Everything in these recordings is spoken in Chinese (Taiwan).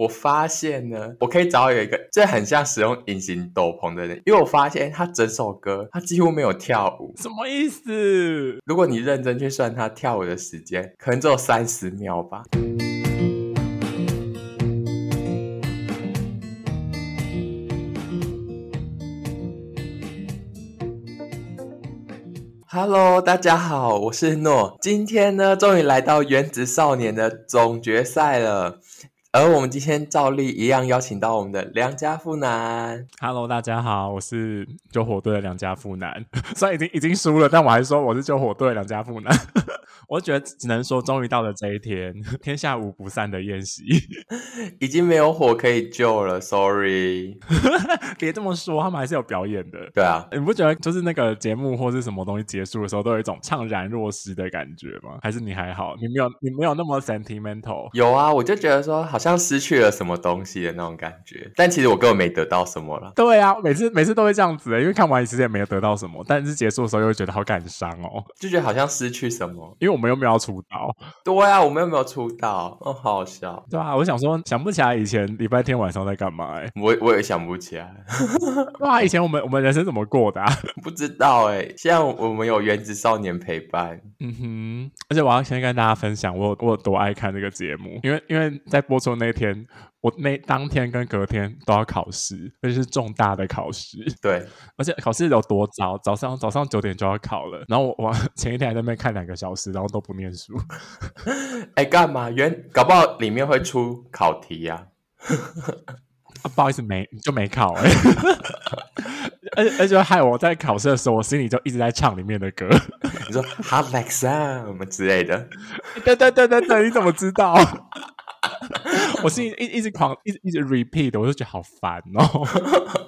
我發現呢，我可以找有一個，這很像使用隱形斗篷的人，因為我發現他整首歌他幾乎沒有跳舞，什麼意思？如果你認真去算他跳舞的時間，可能只有三十秒吧。 Hello，大家好，我是諾，今天呢終於來到原子少年的總決賽了。而我們今天照例一樣邀請到我們的良家腹男。Hello，大家好，我是救火隊的良家腹男。 雖然已經已經輸了，但我還是說我是救火隊的良家腹男。 我覺得只能說，終於到了這一天，天下無不散的宴席， 已經沒有火可以救了。Sorry，別 這麼說，他們還是有表演的。對啊，欸、你不覺得就是那個節目或是什麼東西結束的時候，都有一種悵然若失的感覺嗎？還是你還好，你沒有你沒有那麼 sentimental？有啊，我就覺得說好像失去了什麼東西的那種感覺，但其實我根本沒得到什麼啦。對啊，每次每次都會這樣子、欸，因為看完其實也沒有得到什麼，但是結束的時候又會覺得好感傷哦、喔，就覺得好像失去什麼， 因為我我們又沒有要出道，對啊，我們又沒有出道，哦，好，好笑，對吧、啊？我想說，想不起來以前禮拜天晚上在幹嘛、欸，我我也想不起來，哇、 啊，以前我們我們人生怎麼過的、啊？不知道哎、欸，現在我們有原子少年陪伴，嗯哼，而且我要先跟大家分享我有我有多愛看這個節目，因為因為在播出那天。我那當天跟隔天都要考試，而且是重大的考試。對，而且考試有多早，早上早上九點就要考了。然後我我前一天還在那邊看兩個小時，然後都不念書。哎、欸，幹嘛？原搞不好裡面會出考題呀、啊 啊。不好意思，沒你就沒考、欸 而。而且而且害我在考試的時候，我心裡就一直在唱裡面的歌。 你說 How much 啊， 什麼之類的、欸。對對對對對，你怎麼知道？ 我是一直一直狂一直一直 repeat，我就覺得好煩哦。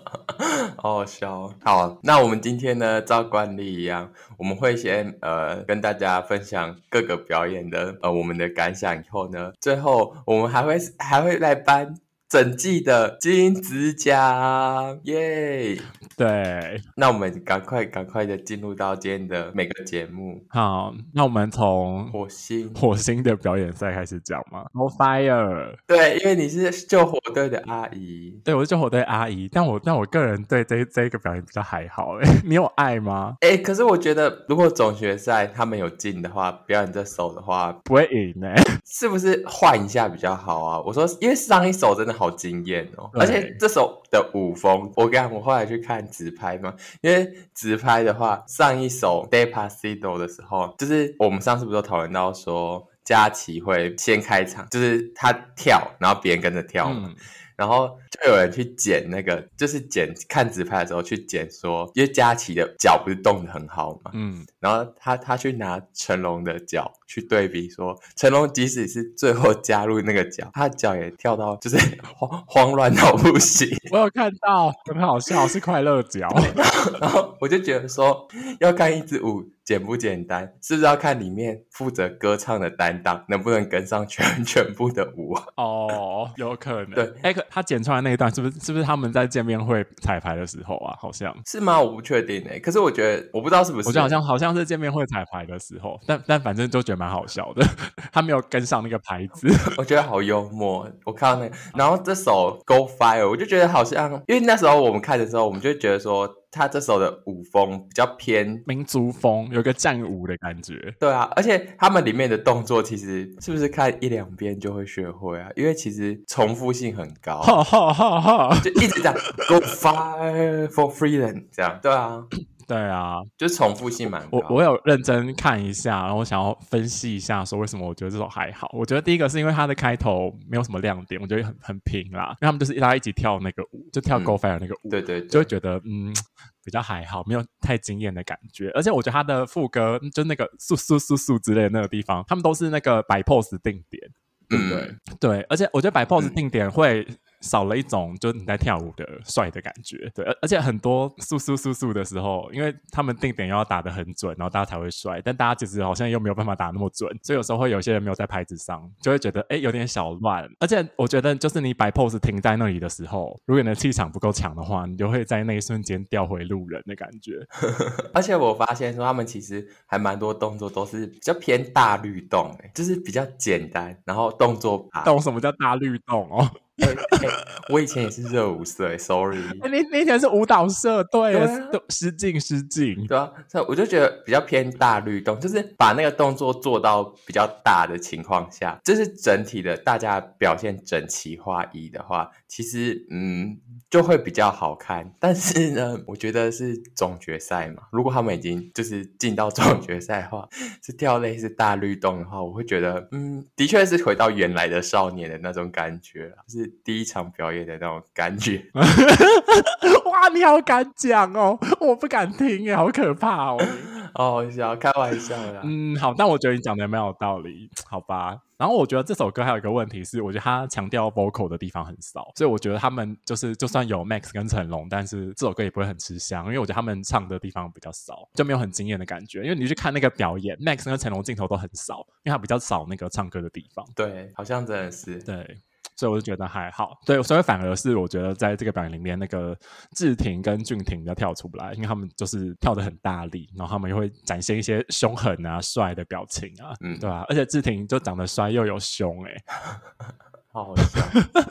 哦，笑，好好笑哦，好，那我們今天呢照慣例一樣，我們會先呃跟大家分享各個表演的呃我們的感想，以後呢，最後我們還會還會來頒整季的金子獎，耶、yeah!！對，那我們趕快趕快的進入到今天的每個節目。好，那我們從火星火星的表演賽開始講嘛？Oh fire！對，因為你是救火隊的阿姨，對我是救火隊阿姨。但我但我個人對這這個表演比較還好哎、欸。 你有愛嗎？哎、欸，可是我覺得如果總決賽他們有進的話，表演這首的話不會贏呢、欸。 是不是換一下比較好啊？我說，因為上一首真的。好驚艷哦！而且這首的舞風，我剛我後來去看直拍嘛，因為直拍的話，上一首《Despacito》的時候，就是我們上次不是都討論到說，佳琪會先開場，就是他跳，然後別人跟着跳嘛。嗯然後就有人去剪那個，就是剪看直拍的時候去剪說，因為佳琪的腳不是動得很好嘛，嗯，然後他他去拿成龍的腳去對比說，說成龍即使是最後加入那個腳，他的腳也跳到就是慌慌亂到不行。 我有看到，很好笑，是快樂腳。 然後我就覺得說，要看一支舞。簡不簡單？是不是要看裡面負責歌唱的擔當能不能跟上全全部的舞？哦，有可能。 對欸，可他剪出來那一段是不是是不是他們在見面會彩排的時候啊？好像是嗎？我不確定誒、欸。可是我覺得我不知道是不是，我就好像好像是見面會彩排的時候，但但反正就覺得蠻好笑的。 他沒有跟上那個拍子， 我覺得好幽默。我看到那個、然後這首《Go Fire》，我就覺得好像因為那時候我們看的時候，我們就覺得說。他這首的舞風比較偏民族風，有個戰舞的感覺。對啊，而且他們裡面的動作其實是不是看一兩遍就會學會啊？因為其實重複性很高，哈哈哈，就一直講 “Go fight find for freedom” 這樣。對啊。 對啊，就是重複性蠻高，我我有認真看一下，然後我想要分析一下，說為什麼我覺得這首還好。我覺得第一個是因為它的開頭沒有什麼亮點，我覺得很很平啦。他們就是大家一起跳那個舞，就跳《Go Fire》那個舞，嗯、對，對對，就會覺得嗯比較還好，沒有太驚艷的感覺。而且我覺得他的副歌就那個“速速速速”之類的那個地方，他們都是那個擺 pose 定點，嗯、對、嗯、對。而且我覺得擺 pose 定點會。嗯少了一種就是你在跳舞的帥的感覺，對，而而且很多速速速速的時候，因為他們定點要打得很準，然後大家才會帥，但大家其實好像又沒有辦法打那麼準，所以有時候會有些人沒有在拍子上，就會覺得哎、欸、有點小亂。而且我覺得就是你擺 pose 停在那裡的時候，如果你的氣場不夠強的話，你就會在那一瞬間掉回路人的感覺。 而且我發現說他們其實還蠻多動作都是比較偏大律動、欸，就是比較簡單，然後動作爬。懂什麼叫大律動哦？ 欸欸、我以前也是熱舞社、欸、sorry。欸、你你以前是舞蹈社？對，失敬失敬。對啊，所以我就覺得比較偏大律動，就是把那個動作做到比較大的情況下，就是整體的大家表現整齊劃一的話，其實嗯就會比較好看。但是呢，我覺得是總決賽嘛，如果他們已經就是進到總決賽的話，是跳類似大律動的話，我會覺得嗯的確是回到原來的少年的那種感覺、啊，了、就。是。第一場表演的那種感覺 哇！你好敢講哦，我不敢聽耶，好可怕哦。好好笑， 想開玩笑啦。嗯，好，但我覺得你講的也蠻有道理，好吧。然後我覺得這首歌還有一個問題是，我覺得他強調 vocal 的地方很少，所以我覺得他們就是就算有 Max 跟成龍，但是這首歌也不會很吃香，因為我覺得他們唱的地方比較少，就沒有很驚艷的感覺。因為你去看那個表演，Max 跟成龍鏡頭都很少，因為他比較少那個唱歌的地方。對，好像真的是、嗯、對。所以我就覺得還好，對，所以反而是我覺得在這個表演裡面，那個志婷跟俊婷都跳出來，因為他們就是跳得很大力，然後他們又會展現一些凶狠啊、帥的表情啊，嗯、對吧、啊？而且志婷就長得帥又有凶、欸，哎 好笑，哦。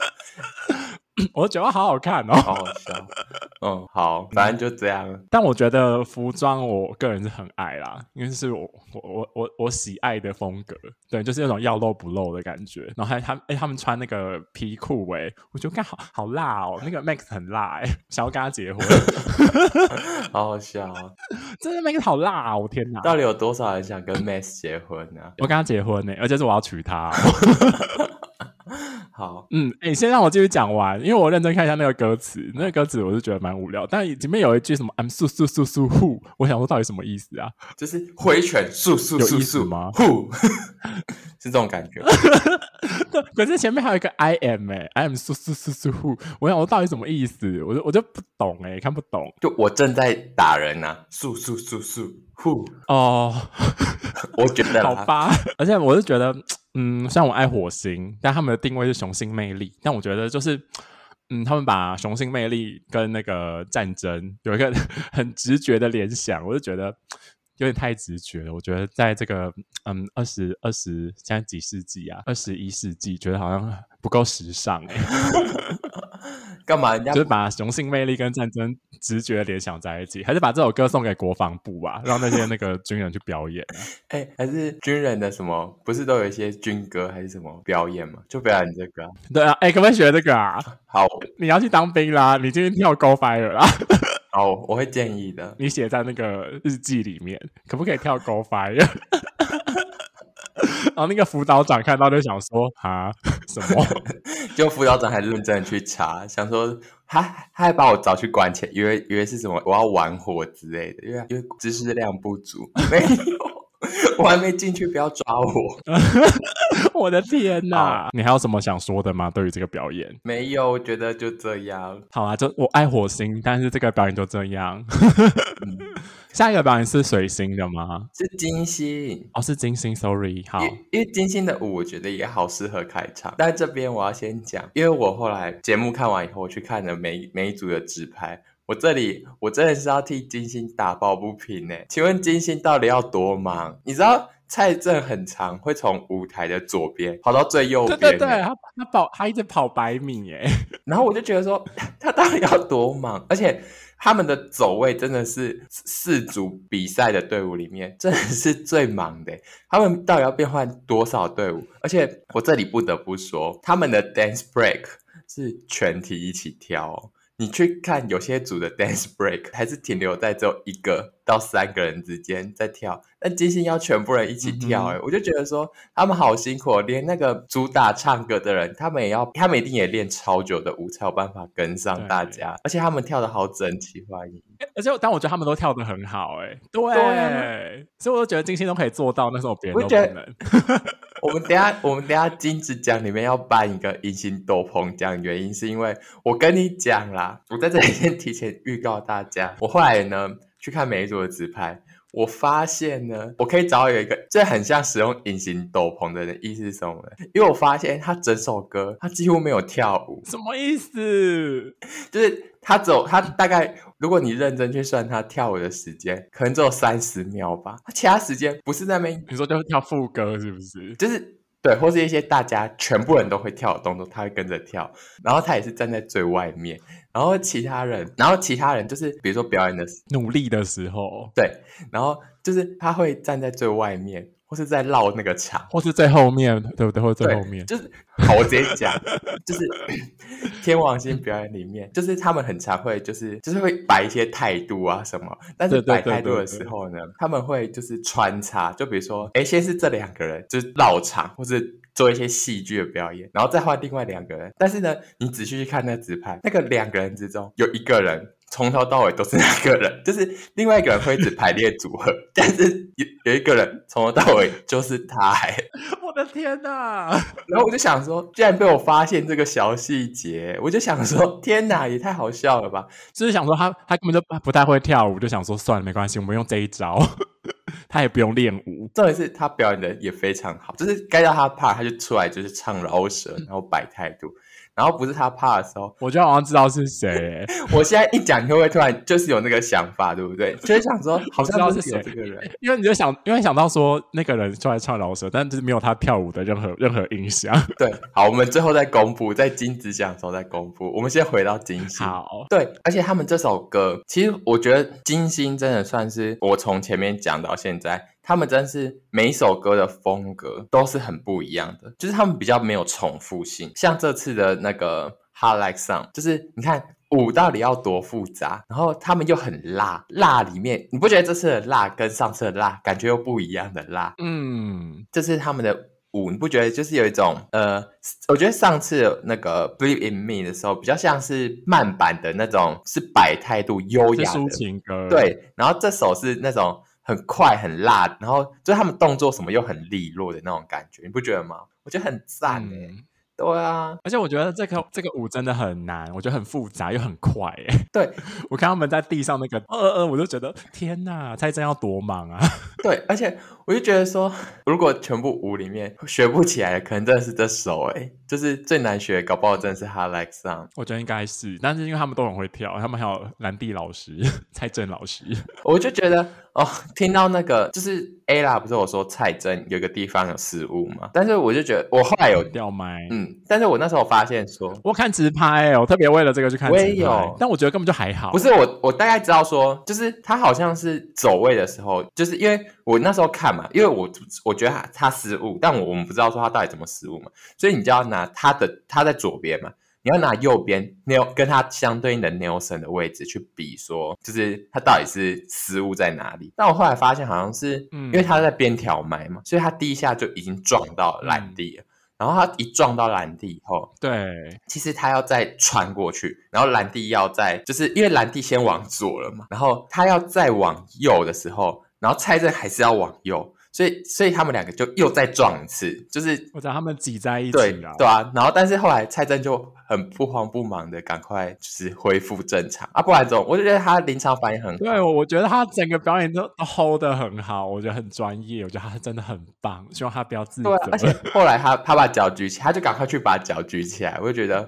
我覺得我好好看哦，好好笑。 嗯，好，反正就這樣。 但我覺得服裝，我個人是很愛啦，因為是我我我我我喜愛的風格。對，就是那種要露不露的感覺。然後還他哎、欸，他們穿那個皮褲哎、欸，我覺得剛好好辣哦、喔。那個 Max 很辣哎、欸，想要跟他結婚， 好好笑啊！ 真的 Max 好辣哦、喔，天哪！到底有多少人想跟 Max 結婚啊？ 我跟他結婚呢、欸，而且是我要娶他、喔。 好，嗯，哎，你先讓我繼續講完，因為我認真看一下那個歌詞，那個歌詞我是覺得蠻無聊，但裡面有一句什麼 “I'm so so so so who”，我想說到底什麼意思啊？就是揮拳，so so so so 嗎？Who 是這種感覺？ 可是前面還有一個 I am 哎、欸、，I am 素素素素戶，我想我到底什麼意思？我就我就不懂哎、欸，看不懂。就我正在打人啊，素素素素戶哦，oh, 我覺得好吧，而且我是覺得，嗯，雖然我愛火星，但他們的定位是雄性魅力，但我覺得就是，嗯，他們把雄性魅力跟那個戰爭有一個很直覺的聯想，我就覺得。有點太直覺了，我覺得在這個嗯，二十二十現在幾世紀啊？二十一世紀，覺得好像不夠時尚哎、欸。幹 嘛？人家就是把雄性魅力跟戰爭直覺聯想在一起，還是把這首歌送給國防部吧，讓那些那個軍人去表演、啊。哎、 欸，還是軍人的什麼？不是都有一些軍歌還是什麼表演嗎？就表演這個、啊。對啊，哎、欸，可不可以學這個啊？好，你要去當兵啦，你今天跳高翻了。哦、oh,，我會建議的。你寫在那個日記裡面，可不可以跳勾發？然後那個輔導長看到就想說啊，什麼？ 就輔導長還是認真的去查， 想說他他還把我找去管錢，以為、以為是什麼？我要玩火之類的，因為因為知識量不足，沒有。 我還沒進去，不要抓我！ 我的天哪，你還有什麼想說的嗎？對於這個表演？沒有，我覺得就這樣。好啊，就我愛火星，但是這個表演就這樣。 嗯、下一個表演是水星的嗎？是金星哦，是金星。Sorry，好因，因為金星的舞我覺得也好適合開場。但這邊我要先講，因為我後來節目看完以後，我去看了每每一組的直拍。我這裡，我真的是要替金星打抱不平呢。請問金星到底要多忙？你知道，賽程很長，會從舞台的左邊跑到最右邊。對對對，他他跑，他一直跑百米哎。然後我就覺得說，他到底要多忙？而且他們的走位真的是四組比賽的隊伍裡面，真的是最忙的。他們到底要變換多少隊伍？而且我這裡不得不說，他們的 dance break 是全體一起跳哦。你去看有些組的 dance break，還是停留在只有一個到三個人之間在跳，但金星要全部人一起跳哎、欸嗯，我就覺得說他們好辛苦，連那個主打唱歌的人，他們也要，他們一定也練超久的舞才有辦法跟上大家，而且他們跳的好整齊劃一、欸，而且我當我覺得他們都跳的很好哎、欸，對，對、啊，所以我都覺得金星都可以做到，那時候別人都可能。我覺得 我們等下，我們等下金子獎裡面要頒一個隱形斗篷獎，原因是因為我跟你講啦，我在這裡先提前預告大家，我後來呢去看每一組的直拍。我發現呢，我可以找到有一個，這很像使用隱形斗篷的人，意思是什麼呢？因為我發現他整首歌，他幾乎沒有跳舞，什麼意思？就是他只有他大概，如果你認真去算他跳舞的時間，可能只有三十秒吧。他其他時間不是在那邊，比如說就是跳副歌是不是？就是對，或是一些大家全部人都會跳的動作，他會跟着跳，然後他也是站在最外面。然後其他人，然後其他人就是，比如說表演的時候，努力的時候，對，然後就是他會站在最外面，或是在繞那個場，或是在後面，對不對？或是，在後面，就是好，我直接講， 就是天王星表演裡面，就是他們很常會，就是就是會擺一些態度啊什麼，但是擺態度的時候呢，對對對對對，他們會就是穿插，就比如說，哎，先是這兩個人就是繞場，或是做一些戲劇的表演，然後再換另外兩個人。但是呢，你仔細去看那個紙牌，那個兩個人之中有一個人從頭到尾都是那個人，就是另外一個人會一直排列組合， 但是有有一個人從頭到尾就是他、欸。 我的天哪！然後我就想說，居然被我發現這個小細節，我就想說，天哪，也太好笑了吧！就是想說他他根本就不太會跳舞，就想說算了，沒關係，我們用這一招。 他也不用練舞，重點是他表演的也非常好，就是該到他怕他就出來就是唱饒舌、嗯，然後擺態度。然後不是他怕的時候，我就好像知道是誰、欸。 我現在一講你會不會突然就是有那個想法，對不對？ 就是想說好像就有知道是這個人，因為你就想因為想到說那個人出來唱饒舌，但就是沒有他跳舞的任何任何印象 。對，好，我們最後再公布，在金子獎的時候再公布。我們先回到金星，好。對，而且他們這首歌，其實我覺得金星真的算是我從前面講到現在。他們真是每一首歌的風格都是很不一樣的，就是他們比較沒有重複性。像這次的那個《Heart Like Sun》，就是你看舞到底要多複雜，然後他們又很辣，辣裡面你不覺得這次的辣跟上次的辣感覺又不一樣的辣？嗯，這次他們的舞，你不覺得就是有一種呃，我覺得上次那個《Believe in Me》的時候比較像是慢板的那種，是擺態度、優雅的抒情歌。對，然後這首是那種。很快很辣，然後就他們動作什麼又很利落的那種感覺，你不覺得嗎？我覺得很讚哎、欸嗯。對啊，而且我覺得這個這個舞真的很難，我覺得很複雜又很快哎、欸。對，我看他們在地上那個呃呃，我就覺得天哪、啊，蔡振要多忙啊。對，而且我就覺得說，如果全部舞裡面學不起來的，可能真的是這首哎、欸，就是最難學，搞不好真的是 Hard Like Sun。我覺得應該是，但是因為他們都很會跳，他們還有蘭弟老師、蔡振老師，我就覺得。哦、oh，聽到那個就是 A 啦，不是我說蔡真有個地方有失誤嘛，但是我就覺得我後來有掉麥，嗯，但是我那時候發現說，我看直拍哦、欸，我特別為了這個去看直拍。我也有，但我覺得根本就還好。不是我，我大概知道說，就是他好像是走位的時候，就是因為我那時候看嘛，因為我我覺得他他失誤，但我我們不知道說他到底怎麼失誤嘛，所以你就要拿他的他在左邊嘛。你要拿右邊 Neo 跟它相對應的 Nelson 的位置去比，說就是它到底是失誤在哪裡？但我後來發現好像是，因為它在邊條埋嘛，所以它第一下就已經撞到蘭蒂了。然後它一撞到蘭蒂以後，對，其實它要再穿過去，然後蘭蒂要在，就是因為蘭蒂先往左了嘛，然後它要再往右的時候，然後蔡政還是要往右。所以，所以他們兩個就又再撞一次，就是我知道他們擠在一起了對，對對啊。然後，但是後來蔡政就很不慌不忙的，趕快就是恢復正常啊。不然怎麼，我就覺得他臨場反應很好。對，我覺得他整個表演都 hold 得很好，我覺得很專業，我覺得他真的很棒，希望他不要自責。對、啊，而且後來他他把腳舉起，他就趕快去把腳舉起來，我就覺得，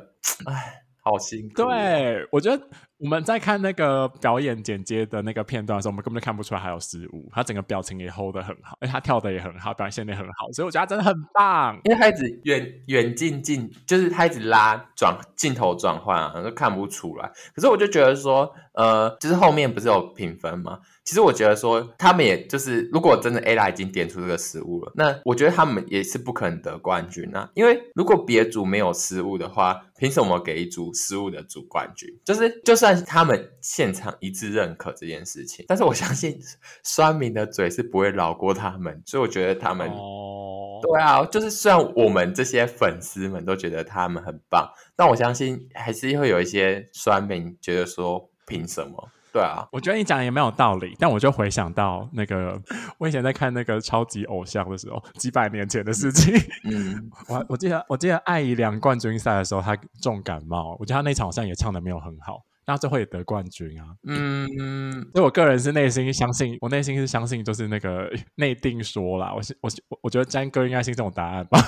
唉，好辛苦、啊。對，我覺得。我們在看那個表演剪接的那個片段的時候，我們根本就看不出來還有失誤。他整個表情也 hold 得很好，哎，他跳的也很好，表現的也很好，所以我覺得他真的很棒。因為他一直遠遠近近，就是他一直拉轉鏡頭轉換、啊，都看不出來。可是我就覺得說，呃，就是後面不是有評分嗎？其實我覺得說，他們也就是如果真的 AI 已經點出這個失誤了，那我覺得他們也是不可能得冠軍吶、啊，因為如果別組沒有失誤的話，憑什麼給一組失誤的組冠軍？就是就算。但是他們現場一致認可這件事情，但是我相信酸民的嘴是不會饒過他們，所以我覺得他們哦，對啊，就是雖然我們這些粉絲們都覺得他們很棒，但我相信還是會有一些酸民覺得說憑什麼？對啊，我覺得你講的也沒有道理，但我就回想到那個我以前在看那個超級偶像的時候，幾百年前的事情，嗯， 我我記得我記得艾怡良冠軍賽的時候，他重感冒，我覺得他那場好像也唱的沒有很好。那最後也得冠軍啊！嗯，所以我個人是內心相信，嗯、我內心是相信，就是那個內定說啦。我是我我我覺得詹哥應該是這種答案吧。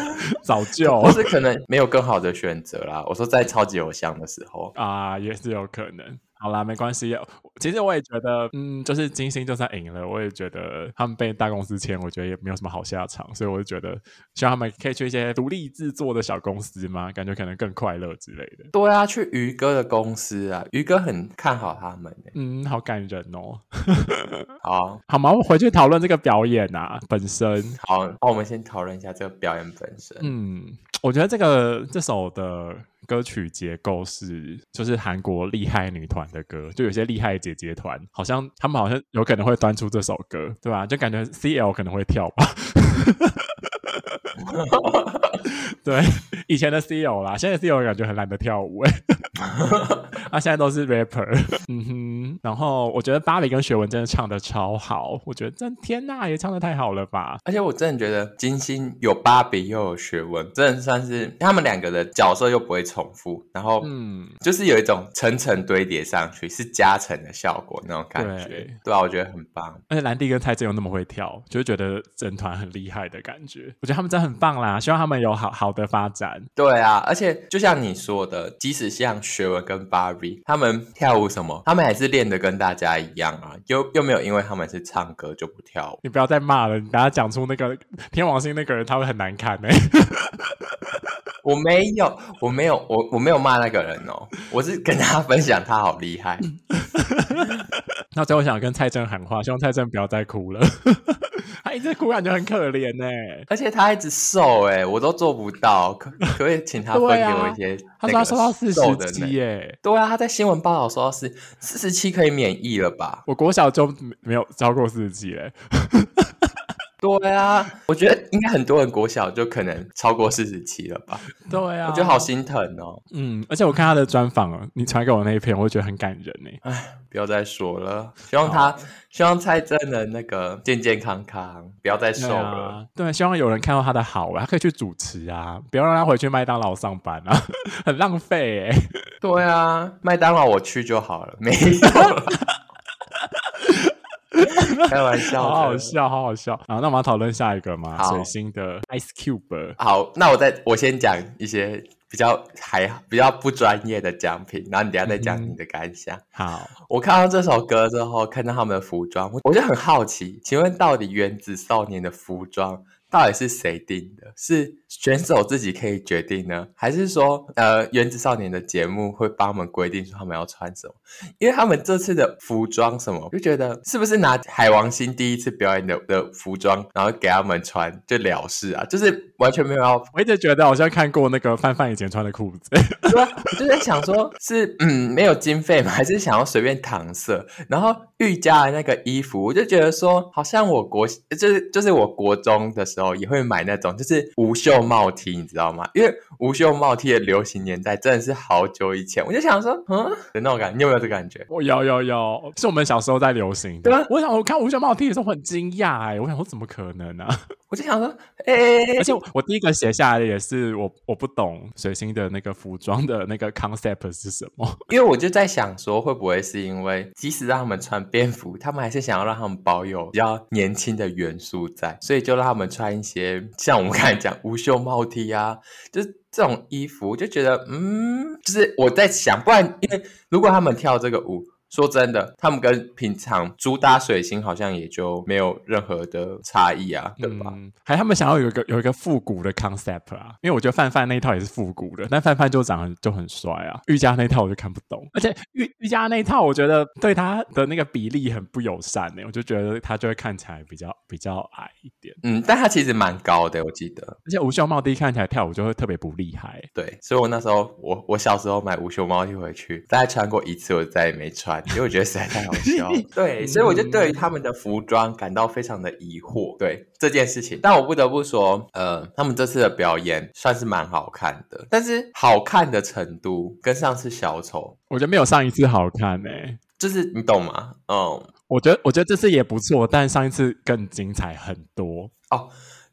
早就、啊、 不是可能沒有更好的選擇啦。我說在超級偶像的時候啊，也是有可能。好啦，沒關係。其實我也覺得，嗯，就是金星就算贏了，我也覺得他們被大公司簽，我覺得也沒有什麼好下場。所以我就覺得，希望他們可以去一些獨立製作的小公司嘛，感覺可能更快樂之類的。對啊，去魚哥的公司啊，魚哥很看好他們，欸、嗯，好感人哦。 好，好嘛，我們回去討論這個表演啊本身。好，那我們先討論一下這個表演本身。嗯，我覺得這個這首的。歌曲結構是就是韓國厲害女團的歌，就有些厲害姐姐團，好像他們好像有可能會端出這首歌，對吧？啊？就感覺 CL 可能會跳吧。 哈哈哈，對，以前的 CEO 啦，現在 CEO 感覺很懶得跳舞哎，啊 現在都是 rapper，嗯哼，然後我覺得芭比跟學文真的唱得超好，我覺得真天吶，也唱得太好了吧？而且我真的覺得金星有芭比又有學文，真的算是他們兩個的角色又不會重複，然後嗯，就是有一種層層堆疊上去是加成的效果那種感覺，對，對啊，我覺得很棒。而且蘭迪跟泰真又那麼會跳，就是、覺得整團很厲害的感覺。我覺得他們真的很棒啦，希望他們有好好的發展。對啊，而且就像你說的，即使像學文跟 Barbie 他們跳舞什麼，他們還是練的跟大家一樣啊，又又沒有因為他們是唱歌就不跳舞。你不要再罵了，你等下講出那個天王星那個人，他會很難看呢、欸。 我沒有，我沒有，我我沒有罵那個人哦、喔，我是跟他分享他好厲害。 那最後想跟蔡正喊話，希望蔡正不要再哭了。 他一直哭，感覺很可憐呢。而且他一直瘦，哎，我都做不到。可可不可以請他分給我一些？ 啊、他說他瘦到四十七哎。對啊，他在新聞報道說，是四,四十七可以免疫了吧？我國小就沒有超過四十七嘞。 對啊，我覺得應該很多人國小就可能超過四十七了吧？對啊，我覺得好心疼哦、喔。嗯，而且我看他的專訪哦，你傳給我那一篇，我就覺得很感人呢、欸。哎，不要再說了，希望他，希望蔡真的那個健健康康，不要再瘦了對、啊。對，希望有人看到他的好，他可以去主持啊，不要讓他回去麥當勞上班啊，很浪費哎、欸。對啊，麥當勞我去就好了，沒有了。 開玩笑， 好好笑，好好笑啊！那我們要討論下一個嗎？水星的 Ice Cube。好，那我再我先講一些比較還比較不專業的獎品，然後你等下再講你的感想、嗯。好，我看到這首歌之後，看到他們的服裝，我我就很好奇，請問到底原子少年的服裝？到底是誰定的？是選手自己可以決定呢，還是說呃，《原子少年》的節目會幫他們規定說他們要穿什麼？因為他們這次的服裝什麼，我就覺得是不是拿海王星第一次表演的的服裝，然後給他們穿就了事啊？就是完全沒有要。我一直覺得好像看過那個范范以前穿的褲子， 對吧、啊？我就是在想說，是嗯，沒有經費嗎，還是想要隨便搪塞？然後御家的那個衣服，我就覺得說，好像我國就是就是我國中的時候。哦，也會買那種，就是無袖帽 T，你知道嗎？因為無袖帽 T 的流行年代真的是好久以前，我就想說，嗯，有那種感，你有沒有這個感覺？我有有有，是我們小時候在流行的。對啊，我想我看無袖帽 T 的時候很驚訝哎、欸，我想說怎麼可能呢、啊？我就想說，哎、欸，哎、欸、哎、欸，而且我,我第一個寫下來的也是我我不懂水星的那個服裝的那個 concept 是什麼？因為我就在想說，會不會是因為即使讓他們穿便服，他們還是想要讓他們保有比較年輕的元素在，所以就讓他們穿。穿一些像我們剛才講無袖帽 T 啊，就是這種衣服，就覺得嗯，就是我在想，不然因為如果他們跳這個舞。說真的，他們跟平常主打水星好像也就沒有任何的差異啊，對吧？嗯、還他們想要有一個有一個復古的 concept 啊，因為我覺得范范那一套也是復古的，但范范就長得就很帥啊。瑜伽那套我就看不懂，而且瑜瑜伽那一套我覺得對他的那個比例很不友善呢、欸，我就覺得他就會看起來比較比較矮一點。嗯，但他其實蠻高的，我記得。而且無袖帽 T 看起來跳舞就會特別不厲害。對，所以我那時候我我小時候買無袖帽 T 回去，大概穿過一次，我再也沒穿。 因為我覺得實在太好笑， 對，所以我就對於他們的服裝感到非常的疑惑，對這件事情。但我不得不說，呃，他們這次的表演算是蠻好看的，但是好看的程度跟上次小丑，我覺得沒有上一次好看呢、欸，就是你懂嗎？嗯，我覺得我覺得這次也不錯，但上一次更精彩很多哦。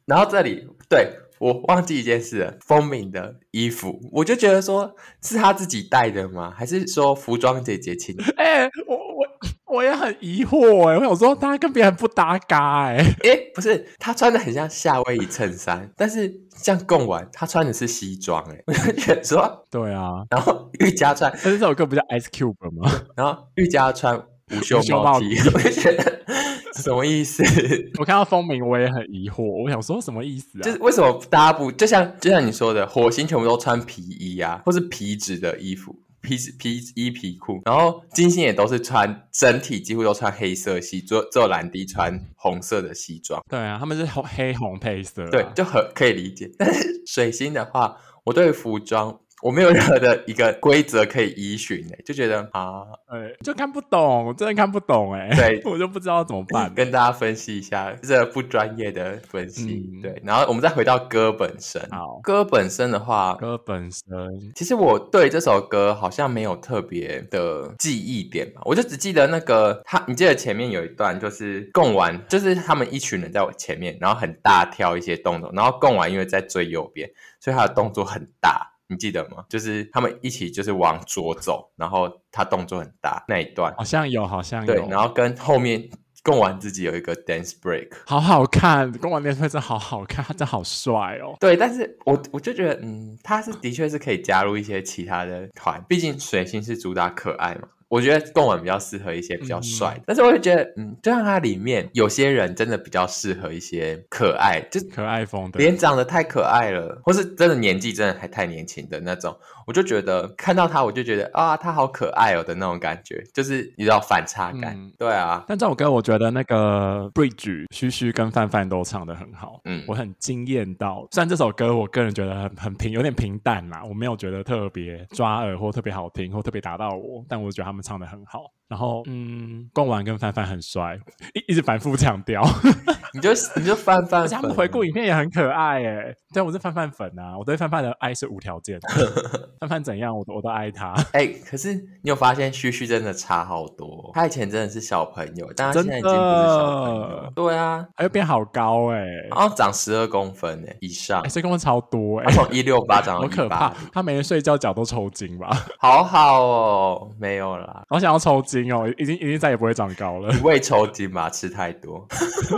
然後這裡對。我忘記一件事了，風敏的衣服，我就覺得說是他自己帶的嗎？還是說服裝姐姐請？哎、欸，我我我也很疑惑哎、欸，我想說他跟別人不搭嘎哎、欸，哎、欸、不是他穿的很像夏威夷襯衫， 但是像貢丸，他穿的是西裝哎、欸，我就說對啊，然後玉佳穿，但是這首歌不叫 Ice Cube 嗎？然後玉佳穿。虎嗅毛皮， 什麼意思？ 我看到風鳴，我也很疑惑。我想說，什麼意思啊？就是為什麼大家不就像就像你說的，火星全部都穿皮衣啊，或是皮質的衣服，皮皮衣皮褲。然後金星也都是穿，整體幾乎都穿黑色系，只有只有藍迪穿紅色的西裝。對啊，他們是黑黑紅配色啊。對，就很可以理解。但是水星的話，我對服裝。我沒有任何的一個規則可以依循誒、欸，就覺得啊，哎，就看不懂，我真的看不懂誒、欸。對，我就不知道怎麼辦、欸。跟大家分析一下，這不專業的分析、嗯。對，然後我們再回到歌本身。好，歌本身的話，歌本身，其實我對這首歌好像沒有特別的記憶點吧，我就只記得那個他，你記得前面有一段就是貢丸，就是他們一群人在我前面，然後很大跳一些動作，然後貢丸因為在最右邊，所以他的動作很大。嗯你記得嗎？就是他們一起就是往左走，然後他動作很大那一段，好像有，好像有。對，然後跟後面貢丸自己有一個 dance break，好好看，貢丸 dance break 真好好看，他真好帥哦。對，但是我我就覺得，嗯，他是的確是可以加入一些其他的團，畢竟水星是主打可愛嘛。我覺得動漫比較適合一些比較帥的、嗯，但是我就覺得，嗯，就像它裡面有些人真的比較適合一些可愛，就可愛風，臉長得太可愛了，愛或是真的年紀真的還太年輕的那種。我就覺得看到他，我就覺得啊，他好可愛哦的那種感覺，就是你知道反差感，嗯，對啊。但這首歌我覺得那個 Bridge 徐徐跟范范都唱得很好，嗯，我很驚艷到。雖然這首歌我個人覺得很很平，有點平淡啦，我沒有覺得特別抓耳 或特別好聽或特別打到我，但我覺得他們唱得很好。然後，嗯，貢丸跟范范很帥，一一直反覆強調。你就你就范范，而且他們回顧影片也很可愛哎。對，我是范范粉啊，我對范范的愛是無條件、啊。 范范怎樣，我都我都愛他。哎、欸，可是你有發現，旭旭真的差好多、哦。他以前真的是小朋友，但他現在已經不是小朋友了。對啊，他又變好高哎，哦，長十二公分哎，以上。十二公分超多哎，一六八長一六好可怕，他每天睡覺腳都抽筋吧？好好哦，沒有啦， 我想要抽筋。已經已經再也不會長高了。胃抽筋嘛，吃太多。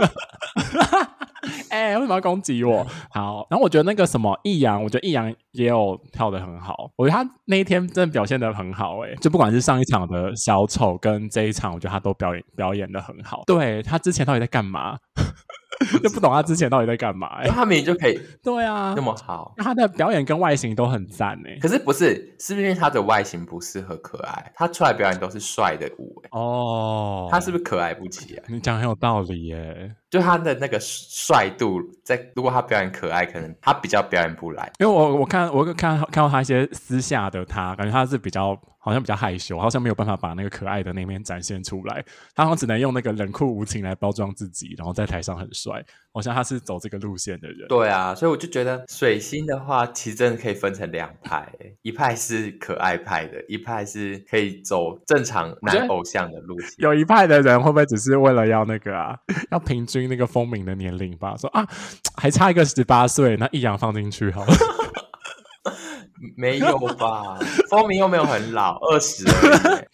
哎、 欸，為什麼要攻擊我？好，然後我覺得那個什麼易烊，我覺得易烊也有跳得很好。我覺得他那一天真的表現得很好、欸，哎，就不管是上一場的小丑跟這一場，我覺得他都表演表演得很好。對，他之前到底在幹嘛？ 就不懂他之前到底在幹嘛、欸？他明明就可以，對啊，那麼好。那他的表演跟外形，都很讚誒、欸。可是不是？是不是因為他的外形不適合可愛？他出來表演都是帥的舞哦、欸，oh, 他是不是可愛不起啊？你講很有道理耶、欸。就他的那個帥度在，在如果他表演可愛，可能他比較表演不來。因為我我看我看看到他一些私下的他，感覺他是比較好像比較害羞，好像沒有辦法把那個可愛的那面展現出來。他好像只能用那個冷酷無情來包裝自己，然後在台上很帥。好像他是走這個路線的人。對啊，所以我就覺得水星的話，其實真的可以分成兩派、欸： 一派是可愛派的，一派是可以走正常男偶像的路線。有一派的人會不會只是為了要那個啊？ 要平均？那個封敏的年齡吧，說啊，還差一個十八歲，那一樣放進去好了。 沒有吧？風 鳴又沒有很老，二 十，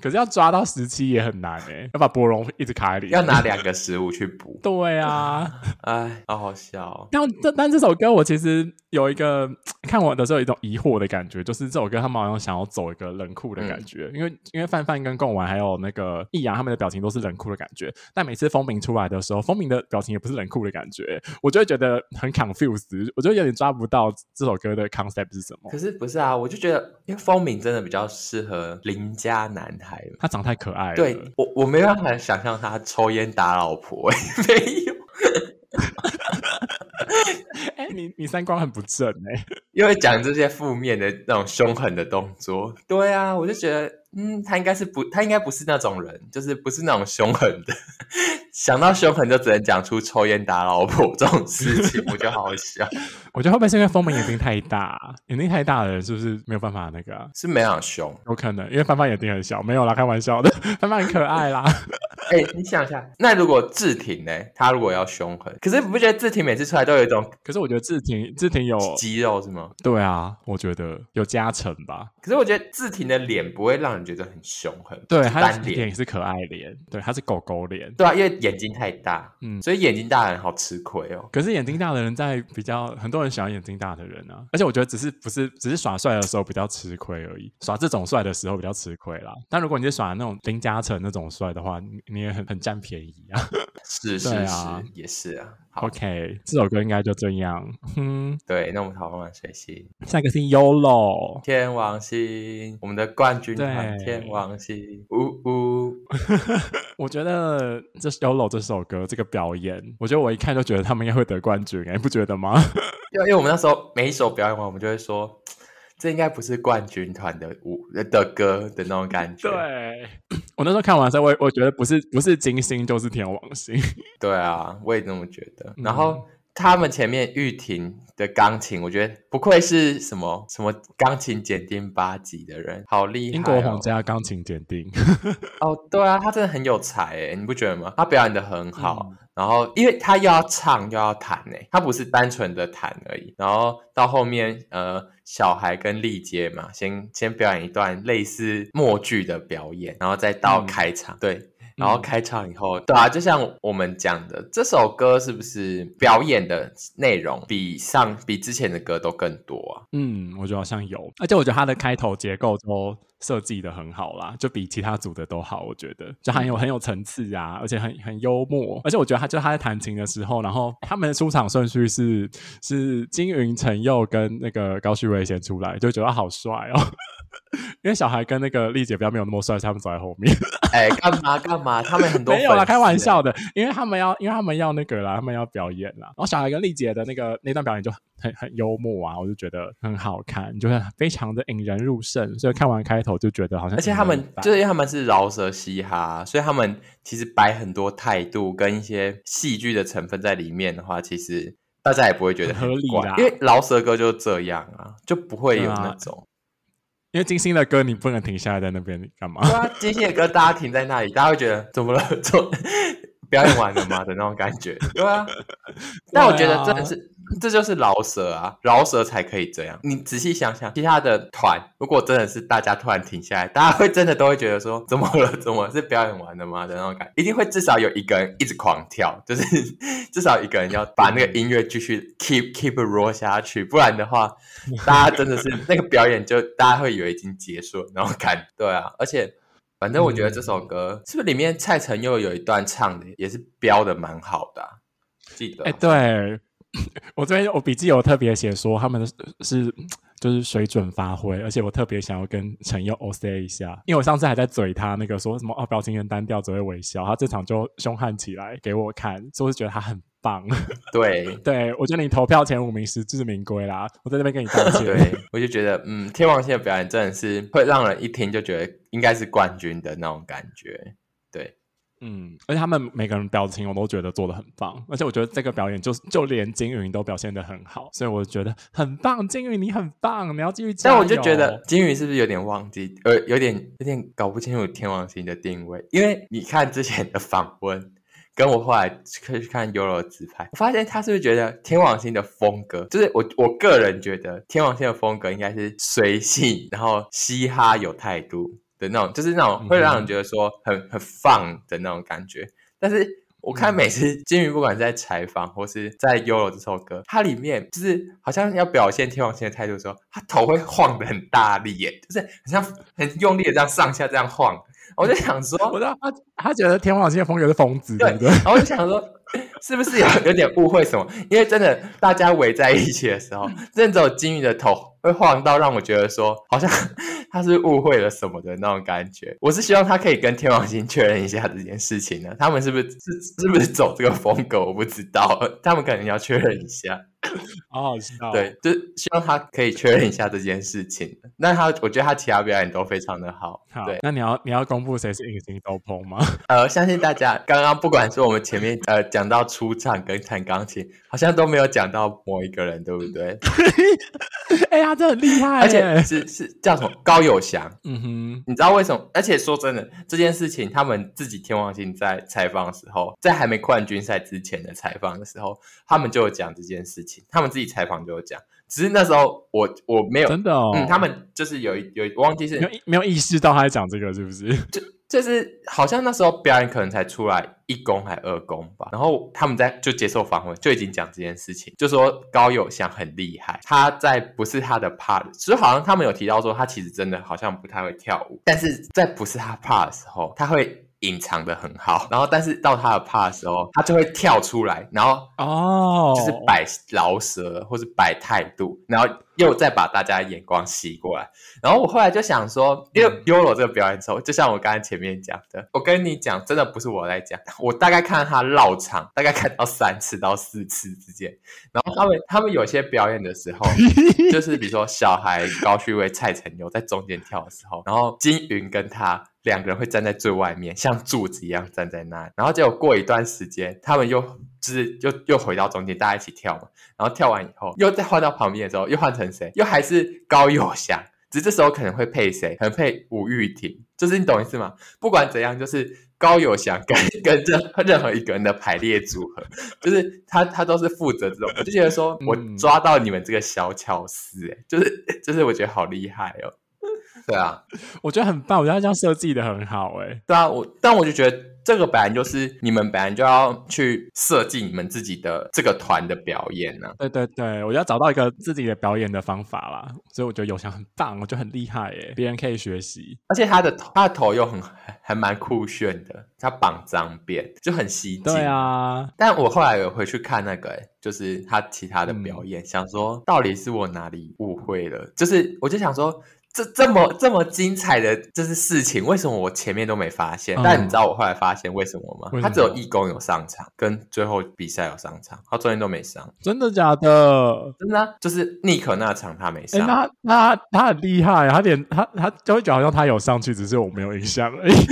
可是要抓到十七也很難哎、欸，要把博龍一直卡在裡面，要拿兩個十五去補。 對啊，哎、 哦，好好笑、哦。但這但這首歌我其實有一個看完的時候有一種疑惑的感覺，就是這首歌他們好像想要走一個冷酷的感覺，嗯、因為因為范范跟貢丸還有那個易陽他們的表情都是冷酷的感覺，但每次風鳴出來的時候，風鳴的表情也不是冷酷的感覺、欸，我就會覺得很 confuse 我就有點抓不到這首歌的 concept 是什麼。可是不是、啊。啊！我就覺得，因為風敏真的比較適合鄰家男孩，他長太可愛了。對，我我沒辦法想象他抽煙打老婆、欸。沒有。哎、 欸，你你三觀很不正哎、欸！因為講這些負面的那種兇狠的動作。對啊，我就覺得。嗯，他應該是不，他應該不是那種人，就是不是那種兇狠的。想到兇狠，就只能講出抽煙打老婆這種事情， 我覺得好笑。我覺得後面是因為方方眼睛太大，啊，眼睛太大的人是不是沒有辦法那個、啊？是沒很兇，有可能因為方方眼睛很小，沒有啦，開玩笑的，方方很可愛啦。 哎、欸，你想一下，那如果志廷呢？他如果要兇狠，可是你不覺得志廷每次出來都有一種？可是我覺得志廷志廷，有肌肉是嗎？對啊，我覺得有加成吧。可是我覺得志廷的臉不會讓人覺得很兇狠。對，就是、他的臉也是可愛臉。對，他是狗狗臉。對啊，因為眼睛太大，嗯，所以眼睛大的人好吃虧哦、嗯。可是眼睛大的人在比較很多人喜歡眼睛大的人啊。而且我覺得只是不是只是耍帥的時候比較吃虧而已，耍這種帥的時候比較吃虧啦。但如果你是耍那種丁嘉誠那種帥的話，你你。也很很佔便宜啊， 是是是， 啊、也是啊。OK，這首歌應該就這樣。嗯， 對，那我們討論完水星，下一個是 YoLo 天王星，我們的冠軍團天王星。嗚嗚， 我覺得這是 YoLo 這首歌這個表演，我覺得我一看就覺得他們應該會得冠軍，欸，哎，不覺得嗎？因 為因為我們那時候每一首表演完，我們就會說。這應該不是冠軍團的舞的歌的那種感覺。對，我那時候看完之後，我我覺得不是不是金星就是天王星。對啊，我也這麼覺得。嗯、然後他們前面玉婷的鋼琴，我覺得不愧是什麼什麼鋼琴檢定八級的人，好厲害，哦！英國皇家鋼琴檢定。 哦，對啊，他真的很有才誒，你不覺得嗎？他表演得很好。嗯然後，因為他又要唱又要彈呢，他不是單純的彈而已。然後到後面，呃，小孩跟麗姐嘛，先先表演一段類似默劇的表演，然後再到開場，嗯、對。然後開場以後、嗯，對啊，就像我們講的，這首歌是不是表演的內容比上比之前的歌都更多啊？嗯，我覺得好像有，而且我覺得它的開頭結構都。設計的很好啦，就比其他組的都好，我覺得就很有很有層次啊，而且很很幽默，而且我覺得他就他在彈琴的時候，然後、哎、他們的出場順序是是金雲陳佑跟那個高旭偉，先出來，就覺得好帥哦， 因為小孩跟那個麗姐比較沒有那麼帥，所以他們走在後面， 哎，幹嘛幹嘛？他們很多沒有啦，開玩笑的，因為他們要因為他們要那個啦，他們要表演啦，然後小孩跟麗姐的那個那段表演就很。很很幽默啊，我就覺得很好看，就是非常的引人入勝。所以看完開頭就覺得好像，而且他們就是因為他們是饒舌嘻哈，所以他們其實擺很多態度跟一些戲劇的成分在裡面的話，其實大家也不會覺得很怪，很合理，因為饒舌歌就這樣啊，就不會有那種。因為金星的歌你不能停下來在那邊幹嘛？金 星、啊、的歌大家停在那裡，大家會覺得怎麼了？ 表演完了嗎的那種感覺，對啊。 對啊。但我覺得真的是，這就是饒舌啊，饒舌才可以這樣。你仔細想想，其他的團如果真的是大家突然停下來，大家會真的都會覺得說，怎麼了？怎麼了是表演完了嗎的那種感，一定會至少有一個人一直狂跳，就是 至少一個人要把那個音樂繼續 keep keep roll 下去，不然的話，大家真的是 那個表演就大家會以為已經結束了，那種感對啊，而且。反正我覺得這首歌、嗯、是不是裡面蔡承佑有一段唱的也是飆的蠻好的，啊，記得？哎、欸，對我這邊我筆記有的特別寫說他們是就是水準發揮，而且我特別想要跟承佑 O C 一下，因為我上次還在嘴他那個說什麼啊、哦、表情很單調只會微笑，他這場就兇悍起來給我看，是不是覺得他很？棒， 對對，我覺得你投票前五名實至名歸啦！我在那邊跟你道歉 對，我就覺得，嗯，天王星的表演真的是會讓人一聽就覺得應該是冠軍的那種感覺。對，嗯，而且他們每個人表情我都覺得做的很棒，而且我覺得這個表演就是就連金魚都表現的很好，所以我覺得很棒。金魚你很棒，你要繼續加油。但我就覺得金魚是不是有點忘記，呃，有點有點搞不清楚天王星的定位，因為你看之前的訪問。跟我後來可以去看 YOLO 的自拍，我發現他是不是覺得天王星的風格，就是我我個人覺得天王星的風格應該是隨性，然後嘻哈有態度的那種，就是那種會讓人覺得說很、嗯、很放的那種感覺。但是我看每次、嗯、金魚不管是在採訪或是在 YOLO 這首歌，它裡面就是好像要表現天王星的態度，的時候，他頭會晃得很大力耶、欸，就是很像很用力的這樣上下這樣晃。我就想說，我就他他覺得天王星的風格是瘋子，對對。 然後我就想說。 是不是有有點誤會什麼？因為真的，大家圍在一起的時候，甚至金魚的頭會晃到，讓我覺得說，好像他是誤會了什麼的那種感覺。我是希望他可以跟天王星確認一下這件事情呢、啊，他們是不是是是不是走這個風格？我不知道，他們可能要確認一下。好知道，對，就希望他可以確認一下這件事情。那他，我覺得他其他表演都非常的好。對，那你要你要公布誰是隱形斗篷嗎？呃，相信大家剛剛不管是我們前面呃講。講到出場跟彈鋼琴，好像都沒有講到某一個人，對不對？哎 呀、欸，真的很厲害！而且是是叫什麼高友祥，嗯哼，你知道為什麼？而且說真的，這件事情他們自己天王星在採訪的時候，在還沒冠軍賽之前的採訪的時候，他們就有講這件事情，他們自己採訪就有講。只是那時候我我沒有真的、哦，嗯，他們就是有一有一我忘記是沒有沒有意識到他在講這個，是不是？就是好像那時候表演可能才出來一公還二公吧，然後他們在就接受訪問就已經講這件事情，就說高有翔很厲害，他在不是他的 part，所以好像他們有提到說他其實真的好像不太會跳舞，但是在不是他 part 的時候他會隱藏的很好，然後但是到他的 part 的時候他就會跳出來，然後哦就是擺饒舌或是擺態度，然後。又再把大家的眼光吸過來，然後我後來就想說，因為 YOLO 這個表演之後，就像我剛才前面講的，我跟你講，真的不是我在講，我大概看他繞場，大概看到三次到四次之間。然後他們他們有些表演的時候， 就是比如說小孩高旭威、蔡承佑在中間跳的時候，然後金云跟他兩個人會站在最外面，像柱子一樣站在那。然後結果過一段時間，他們又。就是又又回到中間，大家一起跳嘛。然後跳完以後，又再換到旁邊的時候，又換成誰？又還是高有翔。只是這時候可能會配誰？可能配吳玉婷。就是你懂意思嗎？不管怎樣，就是高有翔跟跟着任何一個人的排列組合，就是他他都是負責這種。我就覺得說，我抓到你們這個小巧思、欸，哎，就是就是我覺得好厲害哦、喔。對啊，我覺得很棒，我覺得他這樣設計的很好哎、欸。對啊，我但我就覺得。這個本來就是你們本來就要去設計你們自己的這個團的表演呢、啊。對對對，我就要找到一個自己的表演的方法啦。所以我覺得有翔很棒，我覺得很厲害耶、欸，別人可以學習。而且他的他的頭又很還蠻酷炫的，他綁髒辮就很吸睛。對啊，但我後來有回去看那個、欸，就是他其他的表演、嗯，想說到底是我哪裡誤會了？就是我就想說。這這麼這麼精彩的這是事情，為什麼我前面都沒發現？嗯、但你知道我後來發現為什麼嗎？為什麼？他只有一公有上場，跟最後比賽有上場，他昨天都沒上。真的假的？真的，就是尼克那場他沒上。欸、那他他他很厲害，他連他他就會覺得好像他有上去，只是我沒有印象而已。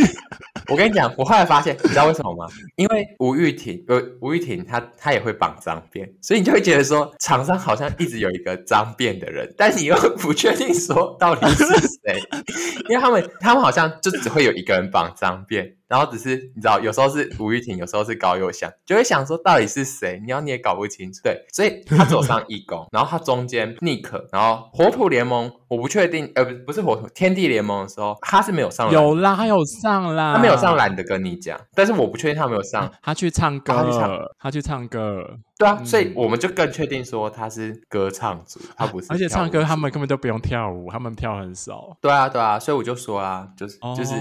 我跟你講，我後來發現，你知道為什麼嗎？因為吳玉婷，呃，吳玉婷她她也會綁髒辮，所以你就會覺得說，場上好像一直有一個髒辮的人，但你又不確定說到底是誰， 因為他們他們好像就只會有一個人綁髒辮。然後只是你知道，有時候是吳玉婷，有時候是高友翔，就會想說到底是誰？你要你也搞不清楚，對，所以他走上義工， 然後他中間 nick，然後火土聯盟，我不確定，呃，不不是火土天地聯盟的時候，他是沒有上，有啦，他有上啦，他沒有上懶得跟你講，但是我不確定他有沒有上，啊、他去唱歌，他去唱，他去唱歌。對啊、嗯，所以我們就更確定說他是歌唱組，他不是跳舞組。而且唱歌他們根本都不用跳舞，他們跳很少。對啊，對啊，所以我就說啊，就是、oh. 就是，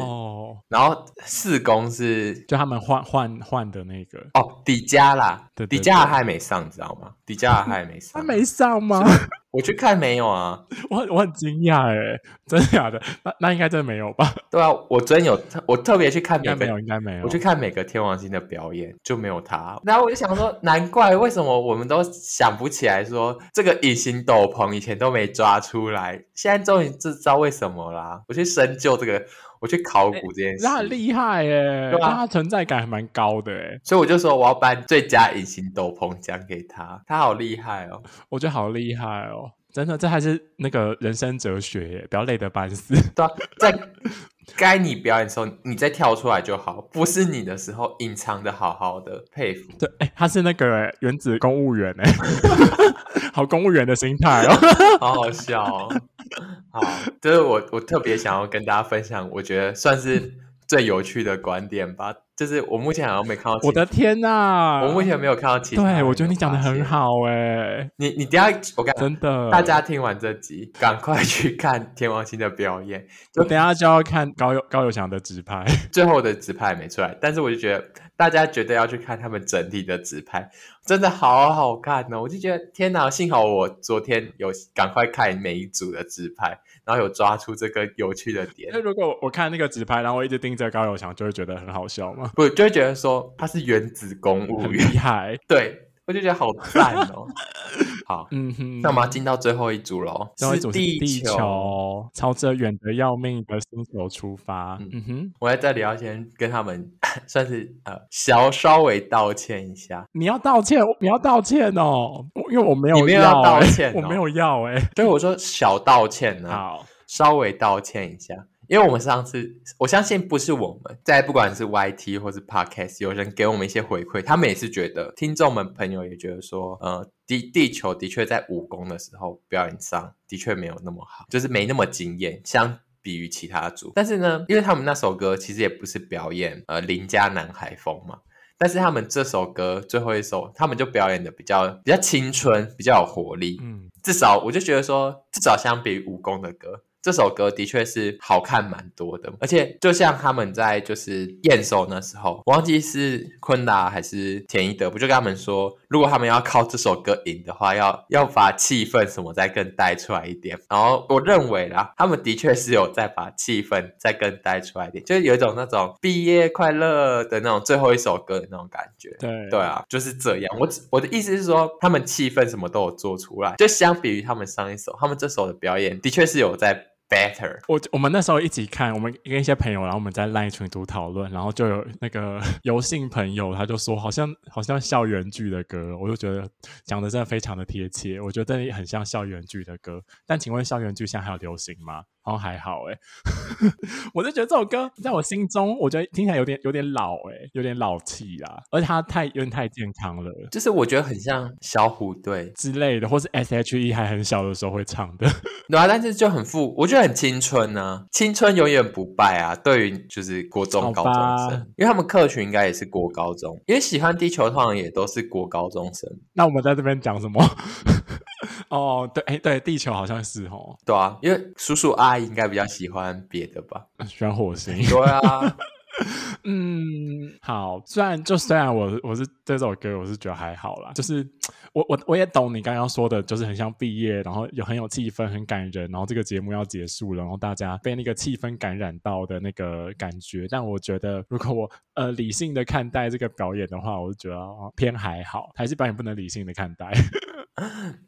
然後四公是就他們換換換的那個哦，迪迦啦，迪迦他還沒上，知道嗎？迪迦他還沒上， 他沒上嗎？ 我去看沒有啊，我我很驚訝哎，真的假的？那那應該真的沒有吧？對啊，我真有特，我特別去看每，應該沒有，應該沒有。我去看每個天王星的表演，就沒有他。然後我就想說，難怪為什麼我們都想不起來說，說這個隱形斗篷以前都沒抓出來，現在終於知道為什麼啦、啊。我去深究這個。我去考古這件事，欸、他很厲害耶、欸，對吧？他存在感還蠻高的、欸、所以我就說，我要頒最佳隱形斗篷獎給他，他好厲害哦，我覺得好厲害哦，真的，這還是那個人生哲學、欸，不要累得半死，對吧、啊？在。 該你表演的時候，你再跳出來就好；不是你的時候，隱藏的好好的，佩服。對，欸，他是那個原子公務員哎， 好公務員的心態哦，好好笑哦。好，就是我，我特別想要跟大家分享，我覺得算是最有趣的觀點吧。就是我目前好像沒看到其他。我的天吶、啊，我目前沒有看到其他對。對、那個，我覺得你講的很好誒、欸，你你等下，我感覺真的，大家聽完這集，趕快去看天王星的表演。就我等下就要看高有高有翔的直拍， 最後的直拍沒出來，但是我就覺得大家絕對要去看他們整體的直拍，真的好好看哦。我就覺得天吶，幸好我昨天有趕快看每一組的直拍。然後有抓出這個有趣的點。那如果我看那個紙牌，然後我一直盯着高友強，就會覺得很好笑嗎？不，就會覺得說他是原子公務員，很厲害。 對。我就覺得好爛哦！ 好，嗯哼，那我們要進到最後一組嘍。最後一組是地球，地球朝着遠的要命的星球出發。嗯哼，我要在這裡要先跟他們算是呃小稍微道歉一下。你要道歉，你要道歉哦？因為我沒有要，你沒有要道歉，哦， 我沒有要誒、欸。所以我說小道歉呢，啊，好，稍微道歉一下。因為我們上次，我相信不是我們，在不管是 YT 或是 Podcast，有人給我們一些回饋。他們也是覺得聽眾們朋友也覺得說，呃，地地球的確在武功的時候表演上的確沒有那麼好，就是沒那麼驚艷，相比於其他組。但是呢，因為他們那首歌其實也不是表演呃鄰家男孩風嘛，但是他們這首歌最後一首，他們就表演的比較比較青春，比較有活力。嗯，至少我就覺得說，至少相比於武功的歌。這首歌的確是好看蠻多的，而且就像他們在就是驗收那時候，忘記是坤達還是田一德，不就跟他們說，如果他們要靠這首歌贏的話，要要把氣氛什麼再更帶出來一點。然後我認為啦，他們的確是有在把氣氛再更帶出來一點，就是有一種那種畢業快樂的那種最後一首歌的那種感覺。對，對啊，就是這樣。我我的意思是說，他們氣氛什麼都有做出來，就相比於他們上一首，他們這首的表演的確是有在。Better，我我們那時候一起看，我們跟一些朋友，然後我們在 LINE 群組討論，然後就有那個遊戲朋友，他就說好像好像校園劇的歌，我就覺得講的真的非常的貼切，我覺得你很像校園劇的歌。但請問校園劇現在還有流行嗎？哦，還好哎， 我就覺得這首歌在我心中，我覺得聽起來有點有點老哎，有點老氣啦，而且它太有點太健康了，就是我覺得很像小虎隊之類的，或是 SHE 還很小的時候會唱的，對啊，但是就很富，我覺得很青春呢、啊，青春永遠不敗啊，對於就是國中高中生，因為他們客群應該也是國高中，因為喜歡地球，通常也都是國高中生。那我們在這邊講什麼？ 哦，對、欸，對，地球好像是齁，對啊，因為叔叔阿姨應該比較喜歡別的吧，喜歡火星，對啊， 嗯，好，雖然就雖然我我是對這首歌，我是覺得還好啦，就是。我我我也懂你剛剛說的，就是很像畢業，然後有很有氣氛，很感人，然後這個節目要結束了，然後大家被那個氣氛感染到的那個感覺。但我覺得，如果我呃理性的看待這個表演的話，我就覺得、啊、偏還好，還是表演不能理性的看待。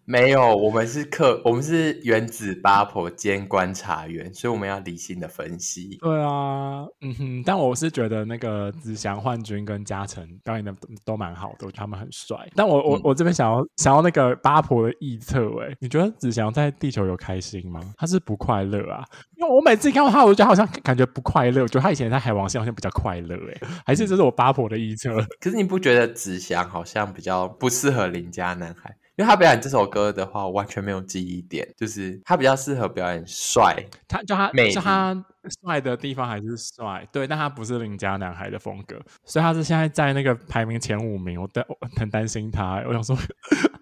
沒有，我們是客，我們是原子八婆兼觀察員，所以我們要理性的分析。對啊，嗯哼，但我是覺得那個子翔煥君跟嘉誠表演的都都蠻好的，他們很帥。但我我我這邊。嗯想要想要那個八婆的臆測誒，你覺得子祥在地球有開心嗎？他是不快樂啊，因為我每次看到他，我都覺得好像感覺不快樂。我覺得他以前在海王星好像比較快樂誒、欸。還是這是我八婆的臆測。可是你不覺得子祥好像比較不適合鄰家男孩？因為他表演這首歌的話，我完全沒有記憶點，就是他比較適合表演帥。他叫他妹妹就他帥的地方還是帥，對，但他不是鄰家男孩的風格，所以他是現在在那個排名前五名，我我很擔心他，我想說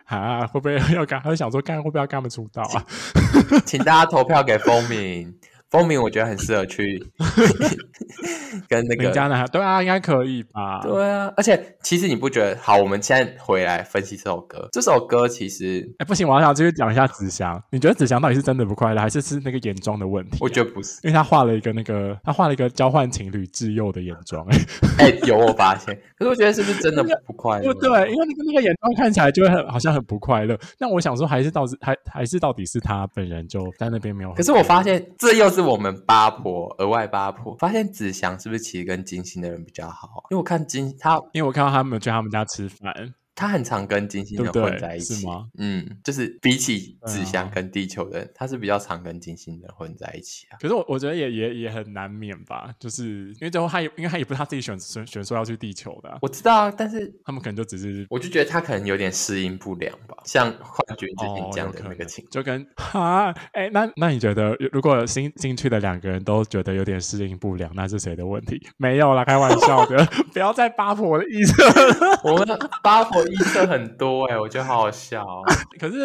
啊，會不會要趕？我想說幹，會不會要趕着出道啊？請，請大家投票給風明。 封鳴我覺得很適合去 跟那個對啊，應該可以吧？對啊，而且其實你不覺得？好，我們現在回來分析這首歌。這首歌其實……哎，不行，我要想繼續講一下子祥。你覺得子祥到底是真的不快樂，還是是那個眼妝的問題？我覺得不是，因為他畫了一個那個，他畫了一個交換情侶稚幼的眼妝。哎有我發現，可是我覺得是不是真的不快樂？對，因為那個那個眼妝看起來就會很好像很不快樂。那我想說，還是到是還還是到底是他本人就在那邊沒有？可是我發現這又是。是我們八婆額外八婆，發現子祥是不是其實跟金星的人比較好啊？因為我看金他，因為我看到他們有去他們家吃飯。他很常跟金星人混在一起，對對是嗎？嗯，就是比起紙箱跟地球的人，啊，他是比較常跟金星人混在一起啊。可是我我覺得也也也很難免吧，就是因為最後他也，因為他也不是他自己選選選說要去地球的，啊，我知道，但是他們可能就只是，我就覺得他可能有點適應不良吧，像幻覺之前，哦，這樣的，哦、那個情況，就跟啊，哎、欸，那那你覺得如果新進去的兩個人都覺得有點適應不良，那是誰的問題？沒有啦，開玩笑的， 不要再扒我的意思， 我們扒破。顏 色很多哎、欸，我覺得好好笑、喔。 可是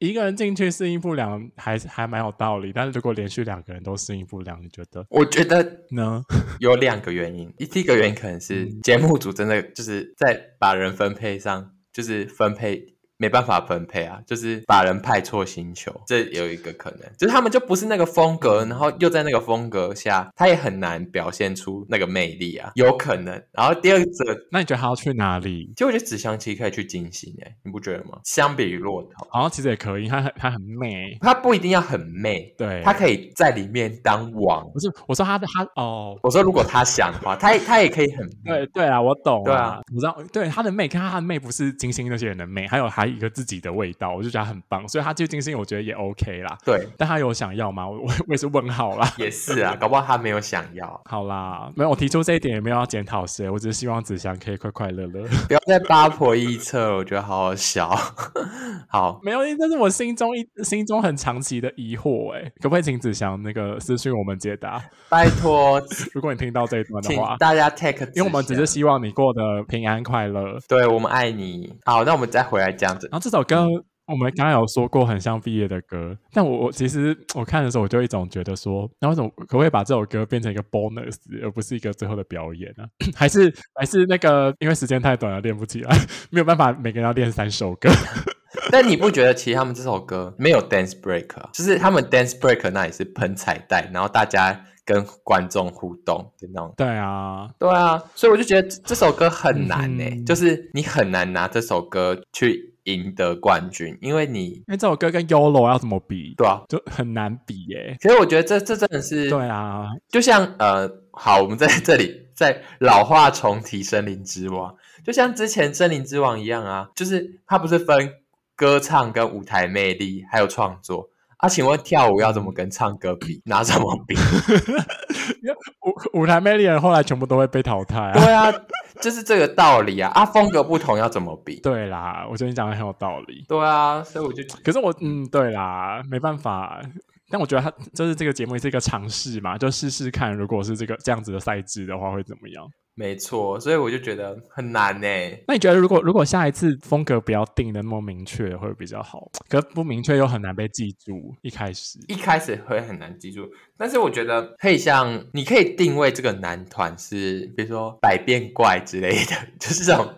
一個人進去適應不良，還還蠻有道理。但是如果連續兩個人都適應不良，你覺得？我覺得呢，有兩個原因。第 一個原因可能是節目組真的就是在把人分配上，就是分配。沒辦法分配啊，就是把人派錯星球，這有一個可能，就是他們就不是那個風格，然後又在那個風格下，他也很難表現出那個魅力啊，有可能。然後第二個，那你覺得他要去哪裡？其實我覺得紙箱機可以去金星，哎，你不覺得嗎？相比於駱駝，啊、哦，其實也可以，他很他很媚，他不一定要很媚，對，他可以在裡面當王。不是，我說他的他哦，我說如果他想的話，他他也可以很媚，對對啊，我懂、啊，對啊，我知道，對他的媚，看他的媚不是金星那些人的媚，還有還。一個自己的味道，我就覺得很棒，所以他就近心我覺得也 OK 啦。對，但他有想要嗎？我我也是問號啦。也是啊，搞不好他沒有想要。 好啦，沒有，我提出這一點也沒有要檢討誰，我只是希望子祥可以快快樂樂。不要再八婆臆測， 我覺得好好笑。好，沒有，但是我心中一心中很長期的疑惑、欸，哎，可不可以請子祥那個私訊我們解答？拜託， 如果你聽到這一段的話，大家 take，因為我們只是希望你過得平安快樂。對，我們愛你。好，那我們再回來講。然後這首歌，我們剛剛有說過很像畢業的歌，但我我其實我看的時候，我就一種覺得說，那為什麼可不可以把這首歌變成一個 bonus，而不是一個最後的表演呢？啊？還是還是那個因為時間太短了，練不起來，沒有辦法，每個人要練三首歌 。但你不覺得其實他們這首歌沒有 dance break，啊，就是他們 dance break 那也是噴彩帶，然後大家跟觀眾互動的那種。對啊，對啊，所以我就覺得這首歌很難誒、欸嗯，就是你很難拿這首歌去。贏得冠軍，因為你，因為這首歌跟 YOLO 要怎麼比？對啊，就很難比耶、欸。其實我覺得這這真的是，對啊，就像呃，好，我們在這裡在老話重提《森林之王》，就像之前《森林之王》一樣啊，就是它不是分歌唱跟舞台魅力，還有創作，啊，請問跳舞要怎麼跟唱歌比？拿什麼比？舞 舞台魅力人後來全部都會被淘汰、啊，對啊， 就是這個道理啊！啊，風格不同要怎麼比？對啦，我覺得你講的很有道理。對啊，所以我就是、可是我嗯，對啦，沒辦法。但我覺得他就是這個節目也是一個嘗試嘛，就試試看，如果是這個這樣子的賽制的話，會怎麼樣？沒錯，所以我就覺得很難呢，欸。那你覺得，如果如果下一次風格不要定的那麼明確，會比較好？可是不明確又很難被記住。一開始一開始會很難記住，但是我覺得可以像，你可以定位這個男團是，比如說百變怪之類的，就是這種，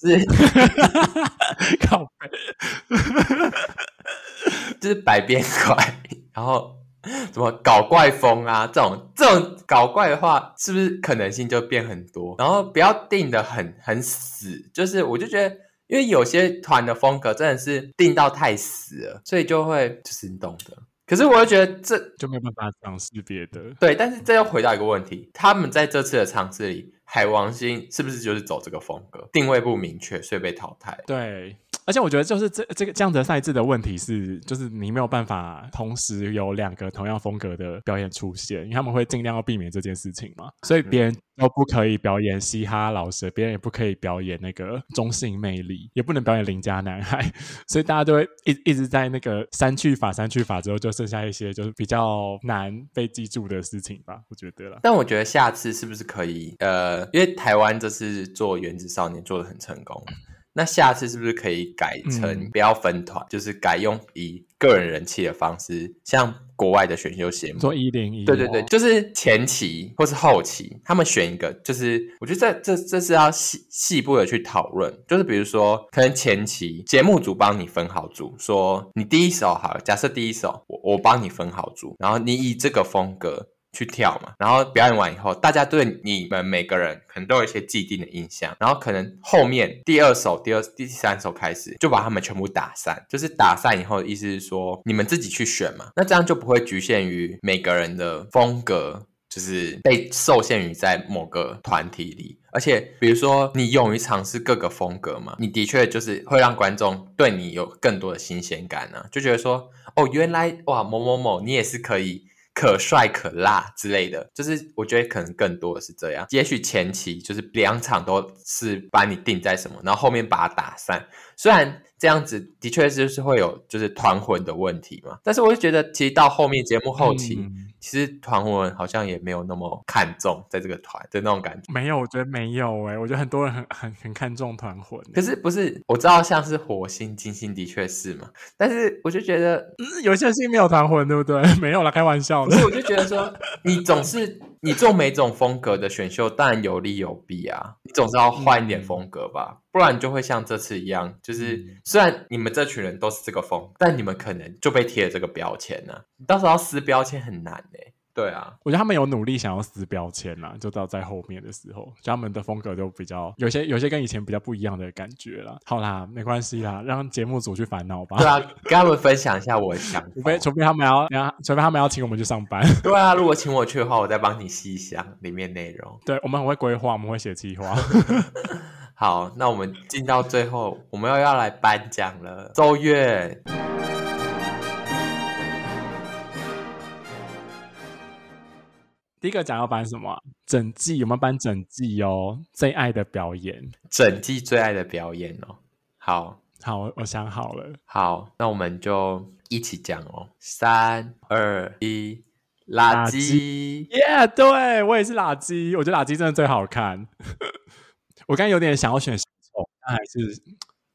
是靠 就是百變怪，然後。怎麼搞怪風啊？這種這種搞怪的話，是不是可能性就變很多？然後不要定得很很死，就是我就覺得，因為有些團的風格真的是定到太死了，所以就會就是你懂的。可是我又覺得這就沒有辦法嘗試別的。對，但是這又回到一個問題：他們在這次的嘗試裡，海王星是不是就是走這個風格？定位不明確，所以被淘汰。對。而且我覺得就是這這個這樣的賽制的問題是，就是你沒有辦法同時有兩個同樣風格的表演出現，因為他們會盡量要避免這件事情嘛，所以別人都不可以表演嘻哈老師，別人也不可以表演那個中性魅力，也不能表演鄰家男孩，所以大家都會一一直在那個刪去法、刪去法之後，就剩下一些就是比較難被記住的事情吧，我覺得啦。但我覺得下次是不是可以呃，因為台灣這次做原子少年做得很成功。那下次是不是可以改成不要分團，嗯，就是改用以個人人氣的方式，像國外的選秀節目做101。對對對，就是前期或是後期，他們選一個，就是我覺得這這這是要細細部的去討論。就是比如說，可能前期節目組幫你分好組，說你第一首好了，假設第一首我我幫你分好組，然後你以這個風格去跳嘛，然後表演完以後，大家對你，你們每個人可能都有一些既定的印象，然後可能後面第二首、第二、第三首開始，就把他們全部打散。就是打散以後的意思是說，你們自己去選嘛，那這樣就不會局限於每個人的風格，就是被受限於在某個團體裡。而且，比如說你勇於嘗試各個風格嘛，你的確就是會讓觀眾對你有更多的新鮮感呢、啊，就覺得說，哦，原來哇某某某你也是可以。可帥可辣之類的，就是我覺得可能更多的是這樣。也許前期就是兩場都是把你定在什麼，然後後面把它打散。雖然這樣子的確就是會有就是團魂的問題嘛，但是我就覺得其實到後面節目後期。嗯其實團魂好像也沒有那麼看重，在這個團的那種感覺。沒有，我覺得沒有哎、欸，我覺得很多人很很很看重團魂、欸。可是不是，我知道像是火星、金星的確是嘛，但是我就覺得、嗯、有些星沒有團魂，對不對？沒有啦，開玩笑的。所以我就覺得說，你總是。 你做每種風格的選秀，當然有利有弊啊。你總是要換一點風格吧，嗯、不然你就會像這次一樣，就是、嗯、雖然你們這群人都是這個風，但你們可能就被貼了這個標籤了、啊。你到時候要撕標籤很難嘞、欸。對啊，我覺得他們有努力想要撕標籤啊，就到在後面的時候，就他們的風格就比較有些有些跟以前比較不一樣的感覺了。好啦，沒關係啦，讓節目組去煩惱吧。對啊，跟他們分享一下我的想法，我想除非除非他們要啊，除非他們要請我們去上班。對啊，如果請我去的話，我再幫你細想裡面內容。對，我們很會規劃，我們會寫計劃。 好，那我們進到最後，我們又要來頒獎了。奏樂。第一個獎要頒什麼？啊，整季有沒有頒整季哦？最愛的表演，整季最愛的表演哦。好好，我想好了。好，那我們就一起講哦。三二一，垃圾！耶、yeah,，對我也是垃圾。我覺得垃圾真的最好看。 我剛有點想要選小丑，但還是。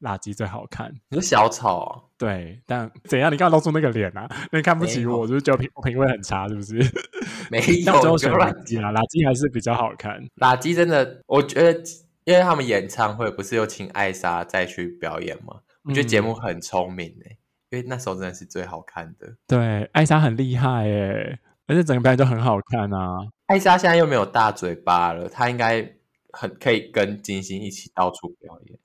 垃圾最好看，你說小草？啊？對，但怎樣？你剛剛露出那個臉啊，那看不起我，我就是覺得品味很差，是不是？沒有，都 是垃圾啦、啊，垃圾還是比較好看。垃圾真的，我覺得，因為他們演唱會不是有請艾莎再去表演嘛。我覺得節目很聰明誒、欸嗯，因為那時候真的是最好看的。對，艾莎很厲害誒、欸，而且整個表演都很好看啊。艾莎現在又沒有大嘴巴了，她應該很可以跟金星一起到處表演。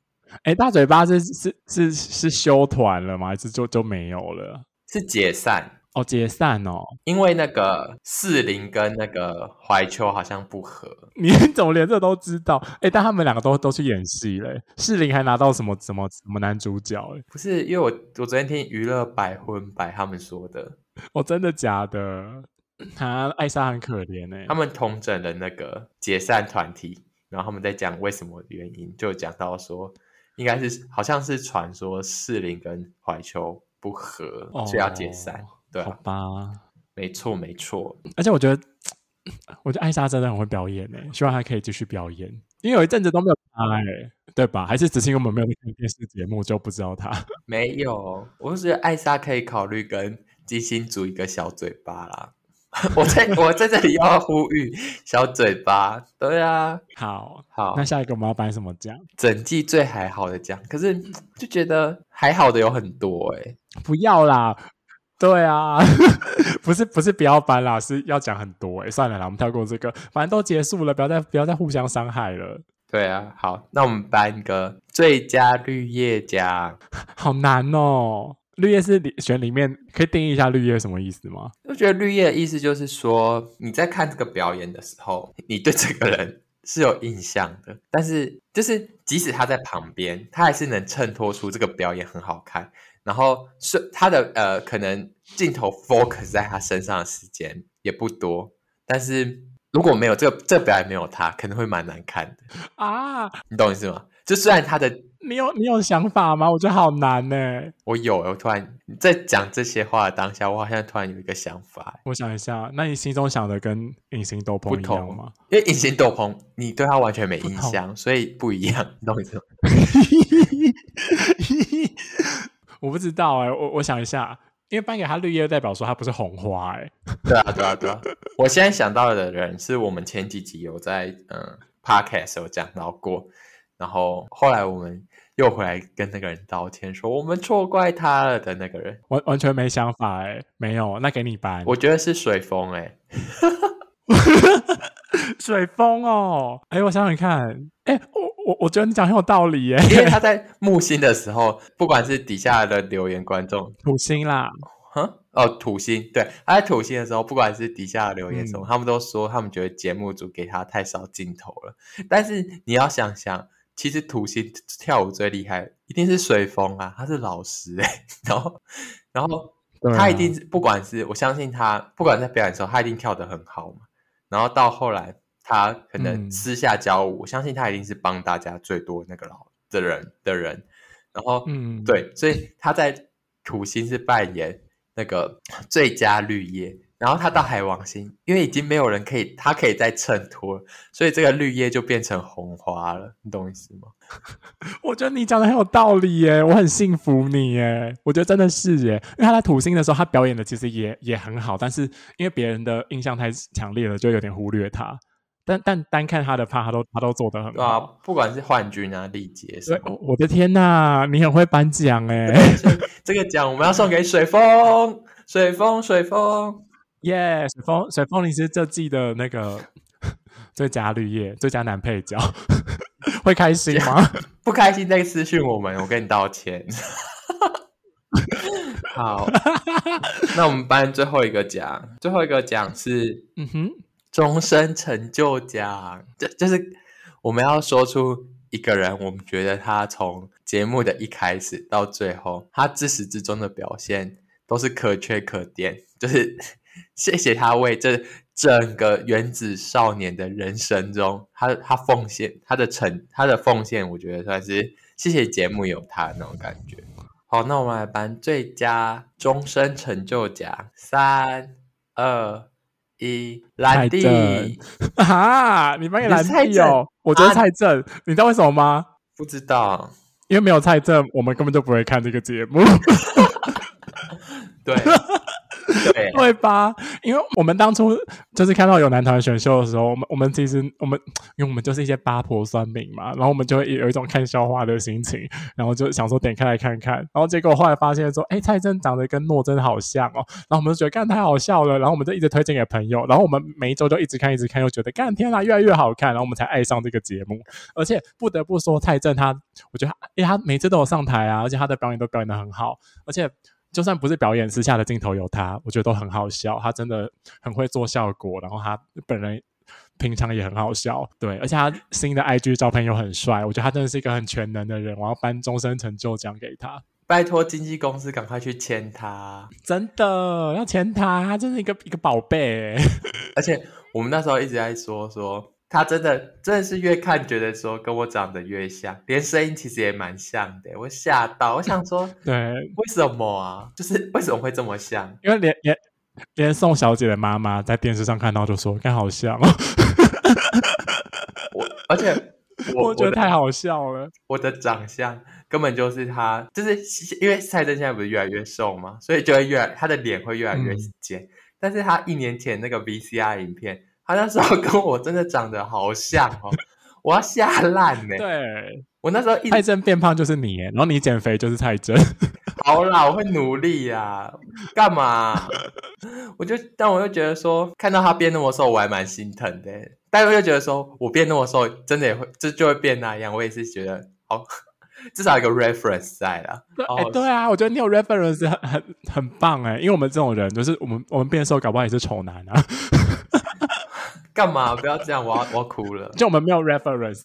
哎、欸，大嘴巴是是是是休團了嗎？還是就就沒有了？是解散哦，oh, 解散哦，因為那個世林跟那個懷秋好像不合。你怎麼連這都知道？哎、欸，但他們兩個都都去演戲嘞。世林還拿到什麼什麼什麼男主角？哎，不是，因為我我昨天聽娛樂百分百他們說的。哦、oh,，真的假的？他愛紗很可憐嘞。他們統整的那個解散團體，然後他們在講為什麼原因，就講到說。應該是好像是傳說，士林跟懷秋不合，哦，就要解散，對、啊、好吧？沒錯沒錯，而且我覺得，我覺得艾莎真的很會表演呢、欸，希望她可以繼續表演，因為有一陣子都沒有她對吧？還是只是因為我們沒有看電視節目，就不知道她沒有。我就覺得艾莎可以考慮跟金星組一個小嘴巴啦。 我在我在這裡要，要呼籲小嘴巴，對啊，好好。那下一個我們要頒什麼獎？整季最還好的獎，可是就覺得還好的有很多哎、欸，不要啦，對啊， 不是不是不要頒啦，是要講很多哎、欸，算了啦，我們跳過這個，反正都結束了，不要再不要再互相傷害了。對啊，好，那我們頒個最佳綠葉獎，好難哦、喔。綠葉是裡選裡面，可以定義一下綠葉什麼意思嗎？我覺得綠葉的意思就是說，你在看這個表演的時候，你對這個人是有印象的，但是就是即使他在旁邊，他還是能襯托出這個表演很好看。然後是他的呃，可能鏡頭 focus 在他身上的時間也不多，但是如果沒有這個這個、表演沒有他，可能會蠻難看的啊。你懂我意思嗎？就雖然他的。你有你有想法嗎？我覺得好難呢、欸。我有、欸，我突然在講這些話的當下，我好像突然有一個想法、欸。我想一下，那你心中想的跟隱形斗篷不同嗎？因為隱形斗篷你對他完全沒印象，所以不一樣。懂 我不知道哎、欸，我我想一下，因為頒給他綠葉代表說他不是紅花、欸，哎，對啊，啊、對啊，對啊。我現在想到的人是我們前幾集有在嗯 Podcast 的時候講到過，然後後來我們。又回來跟那個人道歉，說我們錯怪他了的那個人。完完全沒想法哎、欸，沒有，那給你吧。我覺得是水風哈哈哈哈哈哈， 水風哦、喔欸，我想想看，欸、我我我覺得你講很有道理、欸、因為他在木星的時候，不管是底下的留言觀眾，土星啦，哼，哦，土星，對，他在土星的時候，不管是底下的留言什麼、嗯，他們都說他們覺得節目組給他太少鏡頭了，但是你要想想。其實土星跳舞最厲害，一定是水風啊，他是老師哎、欸，然後，然後他一定是不管是我相信他，不管在表演的時候，他一定跳得很好嘛。然後到後來，他可能私下教舞，嗯、我相信他一定是幫大家最多那個老的人的人。然後，嗯，對，所以他在土星是扮演那個最佳綠葉。然後他到海王星，因為已經沒有人可以，他可以再襯托了，所以這個綠葉就變成紅花了。你懂意思嗎？ 我覺得你講的很有道理耶，我很信服你耶。我覺得真的是耶，因為他在土星的時候，他表演的其實也也很好，但是因為別人的印象太強烈了，就有點忽略他。但但單看他的 part，他都他都做得很好。對啊，不管是幻君啊、力姐，我的天哪，你很會頒獎哎。這個獎我們要送給水風， 水風水風，水風。耶、yeah，水風水風，你是這季的那個最佳綠葉、最佳男配角， 會開心嗎？不開心，再私訊我們， 我跟你道歉。 好， 那我們頒最後一個獎，最後一個獎是嗯哼終身成就獎， 就就是我們要說出一個人，我們覺得他從節目的一開始到最後，他自始至終的表現都是可圈可點，就是。謝謝他為這整個原子少年的人生中他，他他奉獻他的成他的奉獻，我覺得算是謝謝節目有他的那種感覺。好，那我們來頒最佳終身成就獎，三二一，蔡地啊！你們給蔡太有，我覺得蔡正、啊，你知道為什麼嗎？不知道，因為沒有蔡正，我們根本就不會看這個節目。 對。對，會吧？因為我們當初就是看到有男團選秀的時候，我們我們其實我們，因為我們就是一些八婆酸民嘛，然後我們就會有一種看笑話的心情，然後就想說點開來看看，然後結果後來發現說，誒，蔡正長得跟諾真的好像哦，然後我們就覺得幹太好笑了，然後我們就一直推薦給朋友，然後我們每一周就一直看一直看，又覺得幹天啊，越來越好看，然後我們才愛上這個節目，而且不得不說，蔡正他，我覺得哎，他每次都有上台啊，而且他的表演都表演得很好，而且。就算不是表演，私下的鏡頭有他，我覺得都很好笑。他真的很會做效果，然後他本人平常也很好笑，對。而且他新的 IG 照片又很帥，我覺得他真的是一個很全能的人。我要頒終身成就獎給他，拜託經紀公司趕快去簽他，真的要簽他，他真是一個一個寶貝、欸。而且我們那時候一直在說說。他真的真的是越看覺得說跟我長得越像，連聲音其實也蠻像的、欸，我嚇到，我想說，對，為什麼啊？就是為什麼會這麼像？因為連連連宋小姐的媽媽在電視上看到就說，該好像笑我我。我而且我覺得太好笑了，我的長相根本就是他，就是因為蔡正現在不是越來越瘦嘛，所以就會越來他的臉會越來越尖、嗯，但是他一年前那個 VCR 影片。他那時候跟我真的長得好像哦， 我要嚇爛哎！對，我那時候一直，太珍變胖就是你哎，然後你減肥就是蔡珍。好啦，我會努力呀、啊，幹嘛、啊？ 我就但我又覺得說，看到他變那麼瘦，我還蠻心疼的、欸。但是又覺得說我變那麼瘦，真的也會就就會變那樣。我也是覺得，哦，至少有一個 reference 在了、啊。哎、哦欸，對啊，我覺得你有 reference 是很很，很棒哎、欸，因為我們這種人，就是我們我們變瘦搞不好也是醜男啊。 幹嘛不要這樣， 我要我要哭了。就我們沒有 reference，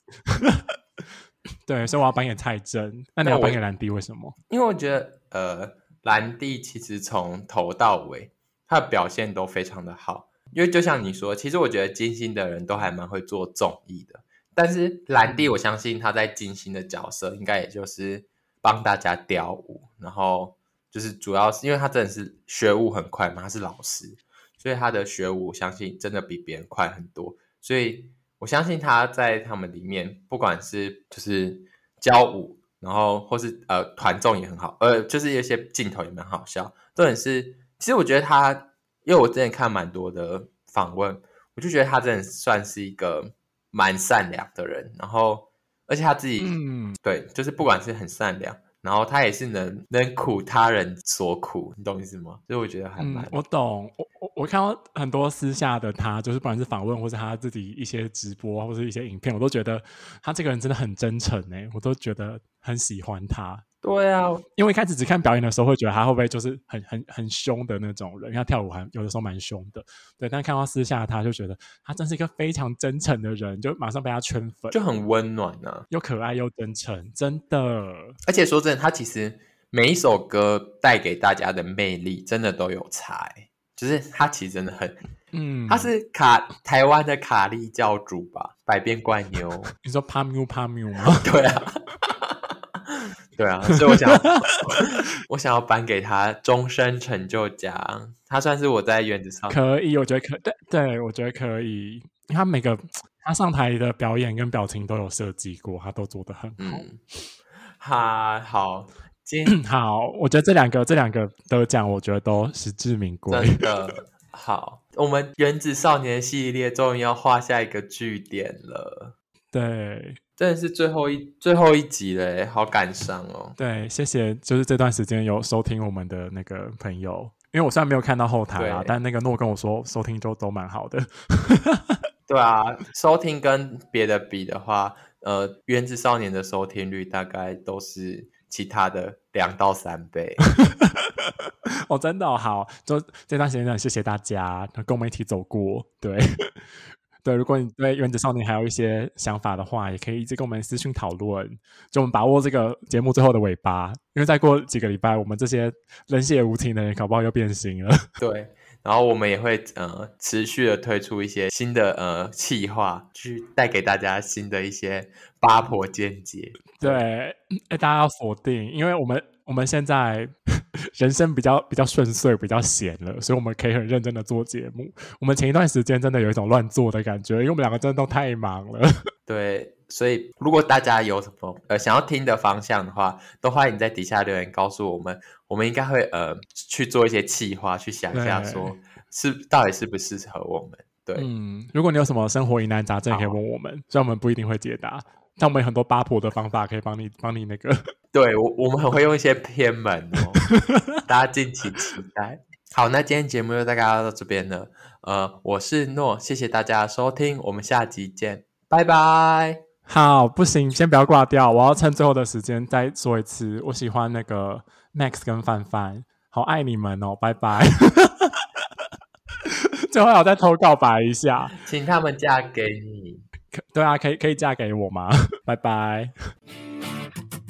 對，所以我要扮演蔡真。那你要扮演藍迪，為什麼？因為我覺得呃，藍迪其實從頭到尾他的表現都非常的好。因為就像你說，其實我覺得金星的人都還蠻會做綜藝的。但是藍迪，我相信他在金星的角色應該也就是幫大家雕舞，然後就是主要是因為他真的是學舞很快嘛，他是老師。所以他的學舞，相信真的比別人快很多。所以我相信他在他們裡面，不管是就是教舞，然後或是呃團眾也很好，呃，就是有些鏡頭也蠻好笑。這點是，其實我覺得他，因為我之前看蠻多的訪問，我就覺得他真的算是一個蠻善良的人。然後，而且他自己，嗯，對，就是不管是很善良。然後他也是能能苦他人所苦，你懂意思嗎？所以我覺得還蠻……嗯、我懂，我我我看到很多私下的他，就是不管是訪問或者他自己一些直播或者一些影片，我都覺得他這個人真的很真誠哎、欸，我都覺得很喜歡他。對啊，因為一開始只看表演的時候，會覺得他會不會就是很很很凶的那種人？因為他跳舞還有的時候蠻凶的。對，但看到私下他就覺得他真是一個非常真誠的人，就馬上被他圈粉，就很溫暖呢、啊，又可愛又真誠，真的。而且說真的，他其實每一首歌帶給大家的魅力，真的都有才、欸。就是他其實真的很，嗯，他是卡台灣的卡莉教主吧？百變怪妞， 你說帕妞帕妞嗎？ 對啊。 對啊，所以我想要， 我想要頒給他終身成就獎。他算是我在原子上可以，我覺得可以對，對我覺得可以。他每個他上台的表演跟表情都有設計過，他都做得很好。嗯、哈，好，今好，我覺得這兩個，這兩個都獎，我覺得都是實至名歸、嗯、真的好，我們原子少年系列終於要畫下一個句點了。對，真的是最後一、最後一集嘞，好感傷哦。對，謝謝，就是這段時間有收聽我們的那個朋友，因為我雖然沒有看到後台啊，但那個諾跟我說收聽就都蠻好的。 對啊，收聽跟別的比的話，呃，《原子少年》的收聽率大概都是其他的兩到三倍。 哦，真的、哦、好，就這段時間呢，謝謝大家跟我們一起走過，對。 對，如果你對《原子少年》還有一些想法的話，也可以一直跟我們私訊討論。就我們把握這個節目最後的尾巴，因為再過幾個禮拜，我們這些冷血無情的人搞不好又變心了。對，然後我們也會呃持續的推出一些新的呃企劃，去帶給大家新的一些八婆見解。對，呃，大家要鎖定，因為我們我們現在。人生比較比較順遂，比較閒了，所以我們可以很認真的做節目。我們前一段時間真的有一種亂做的感覺，因為我們兩個真的都太忙了。對，所以如果大家有什麼呃想要聽的方向的話，都歡迎在底下留言告訴我們，我們應該會呃去做一些企劃，去想一下說是到底適不適合我們。對，嗯，如果你有什麼生活疑難雜症也可以問我們，雖然我們不一定會解答。那我們有很多八譜的方法可以幫你，幫你那個。對我，我們很會用一些偏門哦， 大家敬請期待。好，那今天節目就大概就到這邊了。呃，我是諾，謝謝大家的收聽，我們下集見，拜拜。好，不行，先不要掛掉，我要趁最後的時間再說一次，我喜歡那個 Max 跟范范，好愛你們哦，拜拜。 最後，我再偷告白一下，請他們嫁給你。可對啊，可以可以嫁給我嗎？拜拜。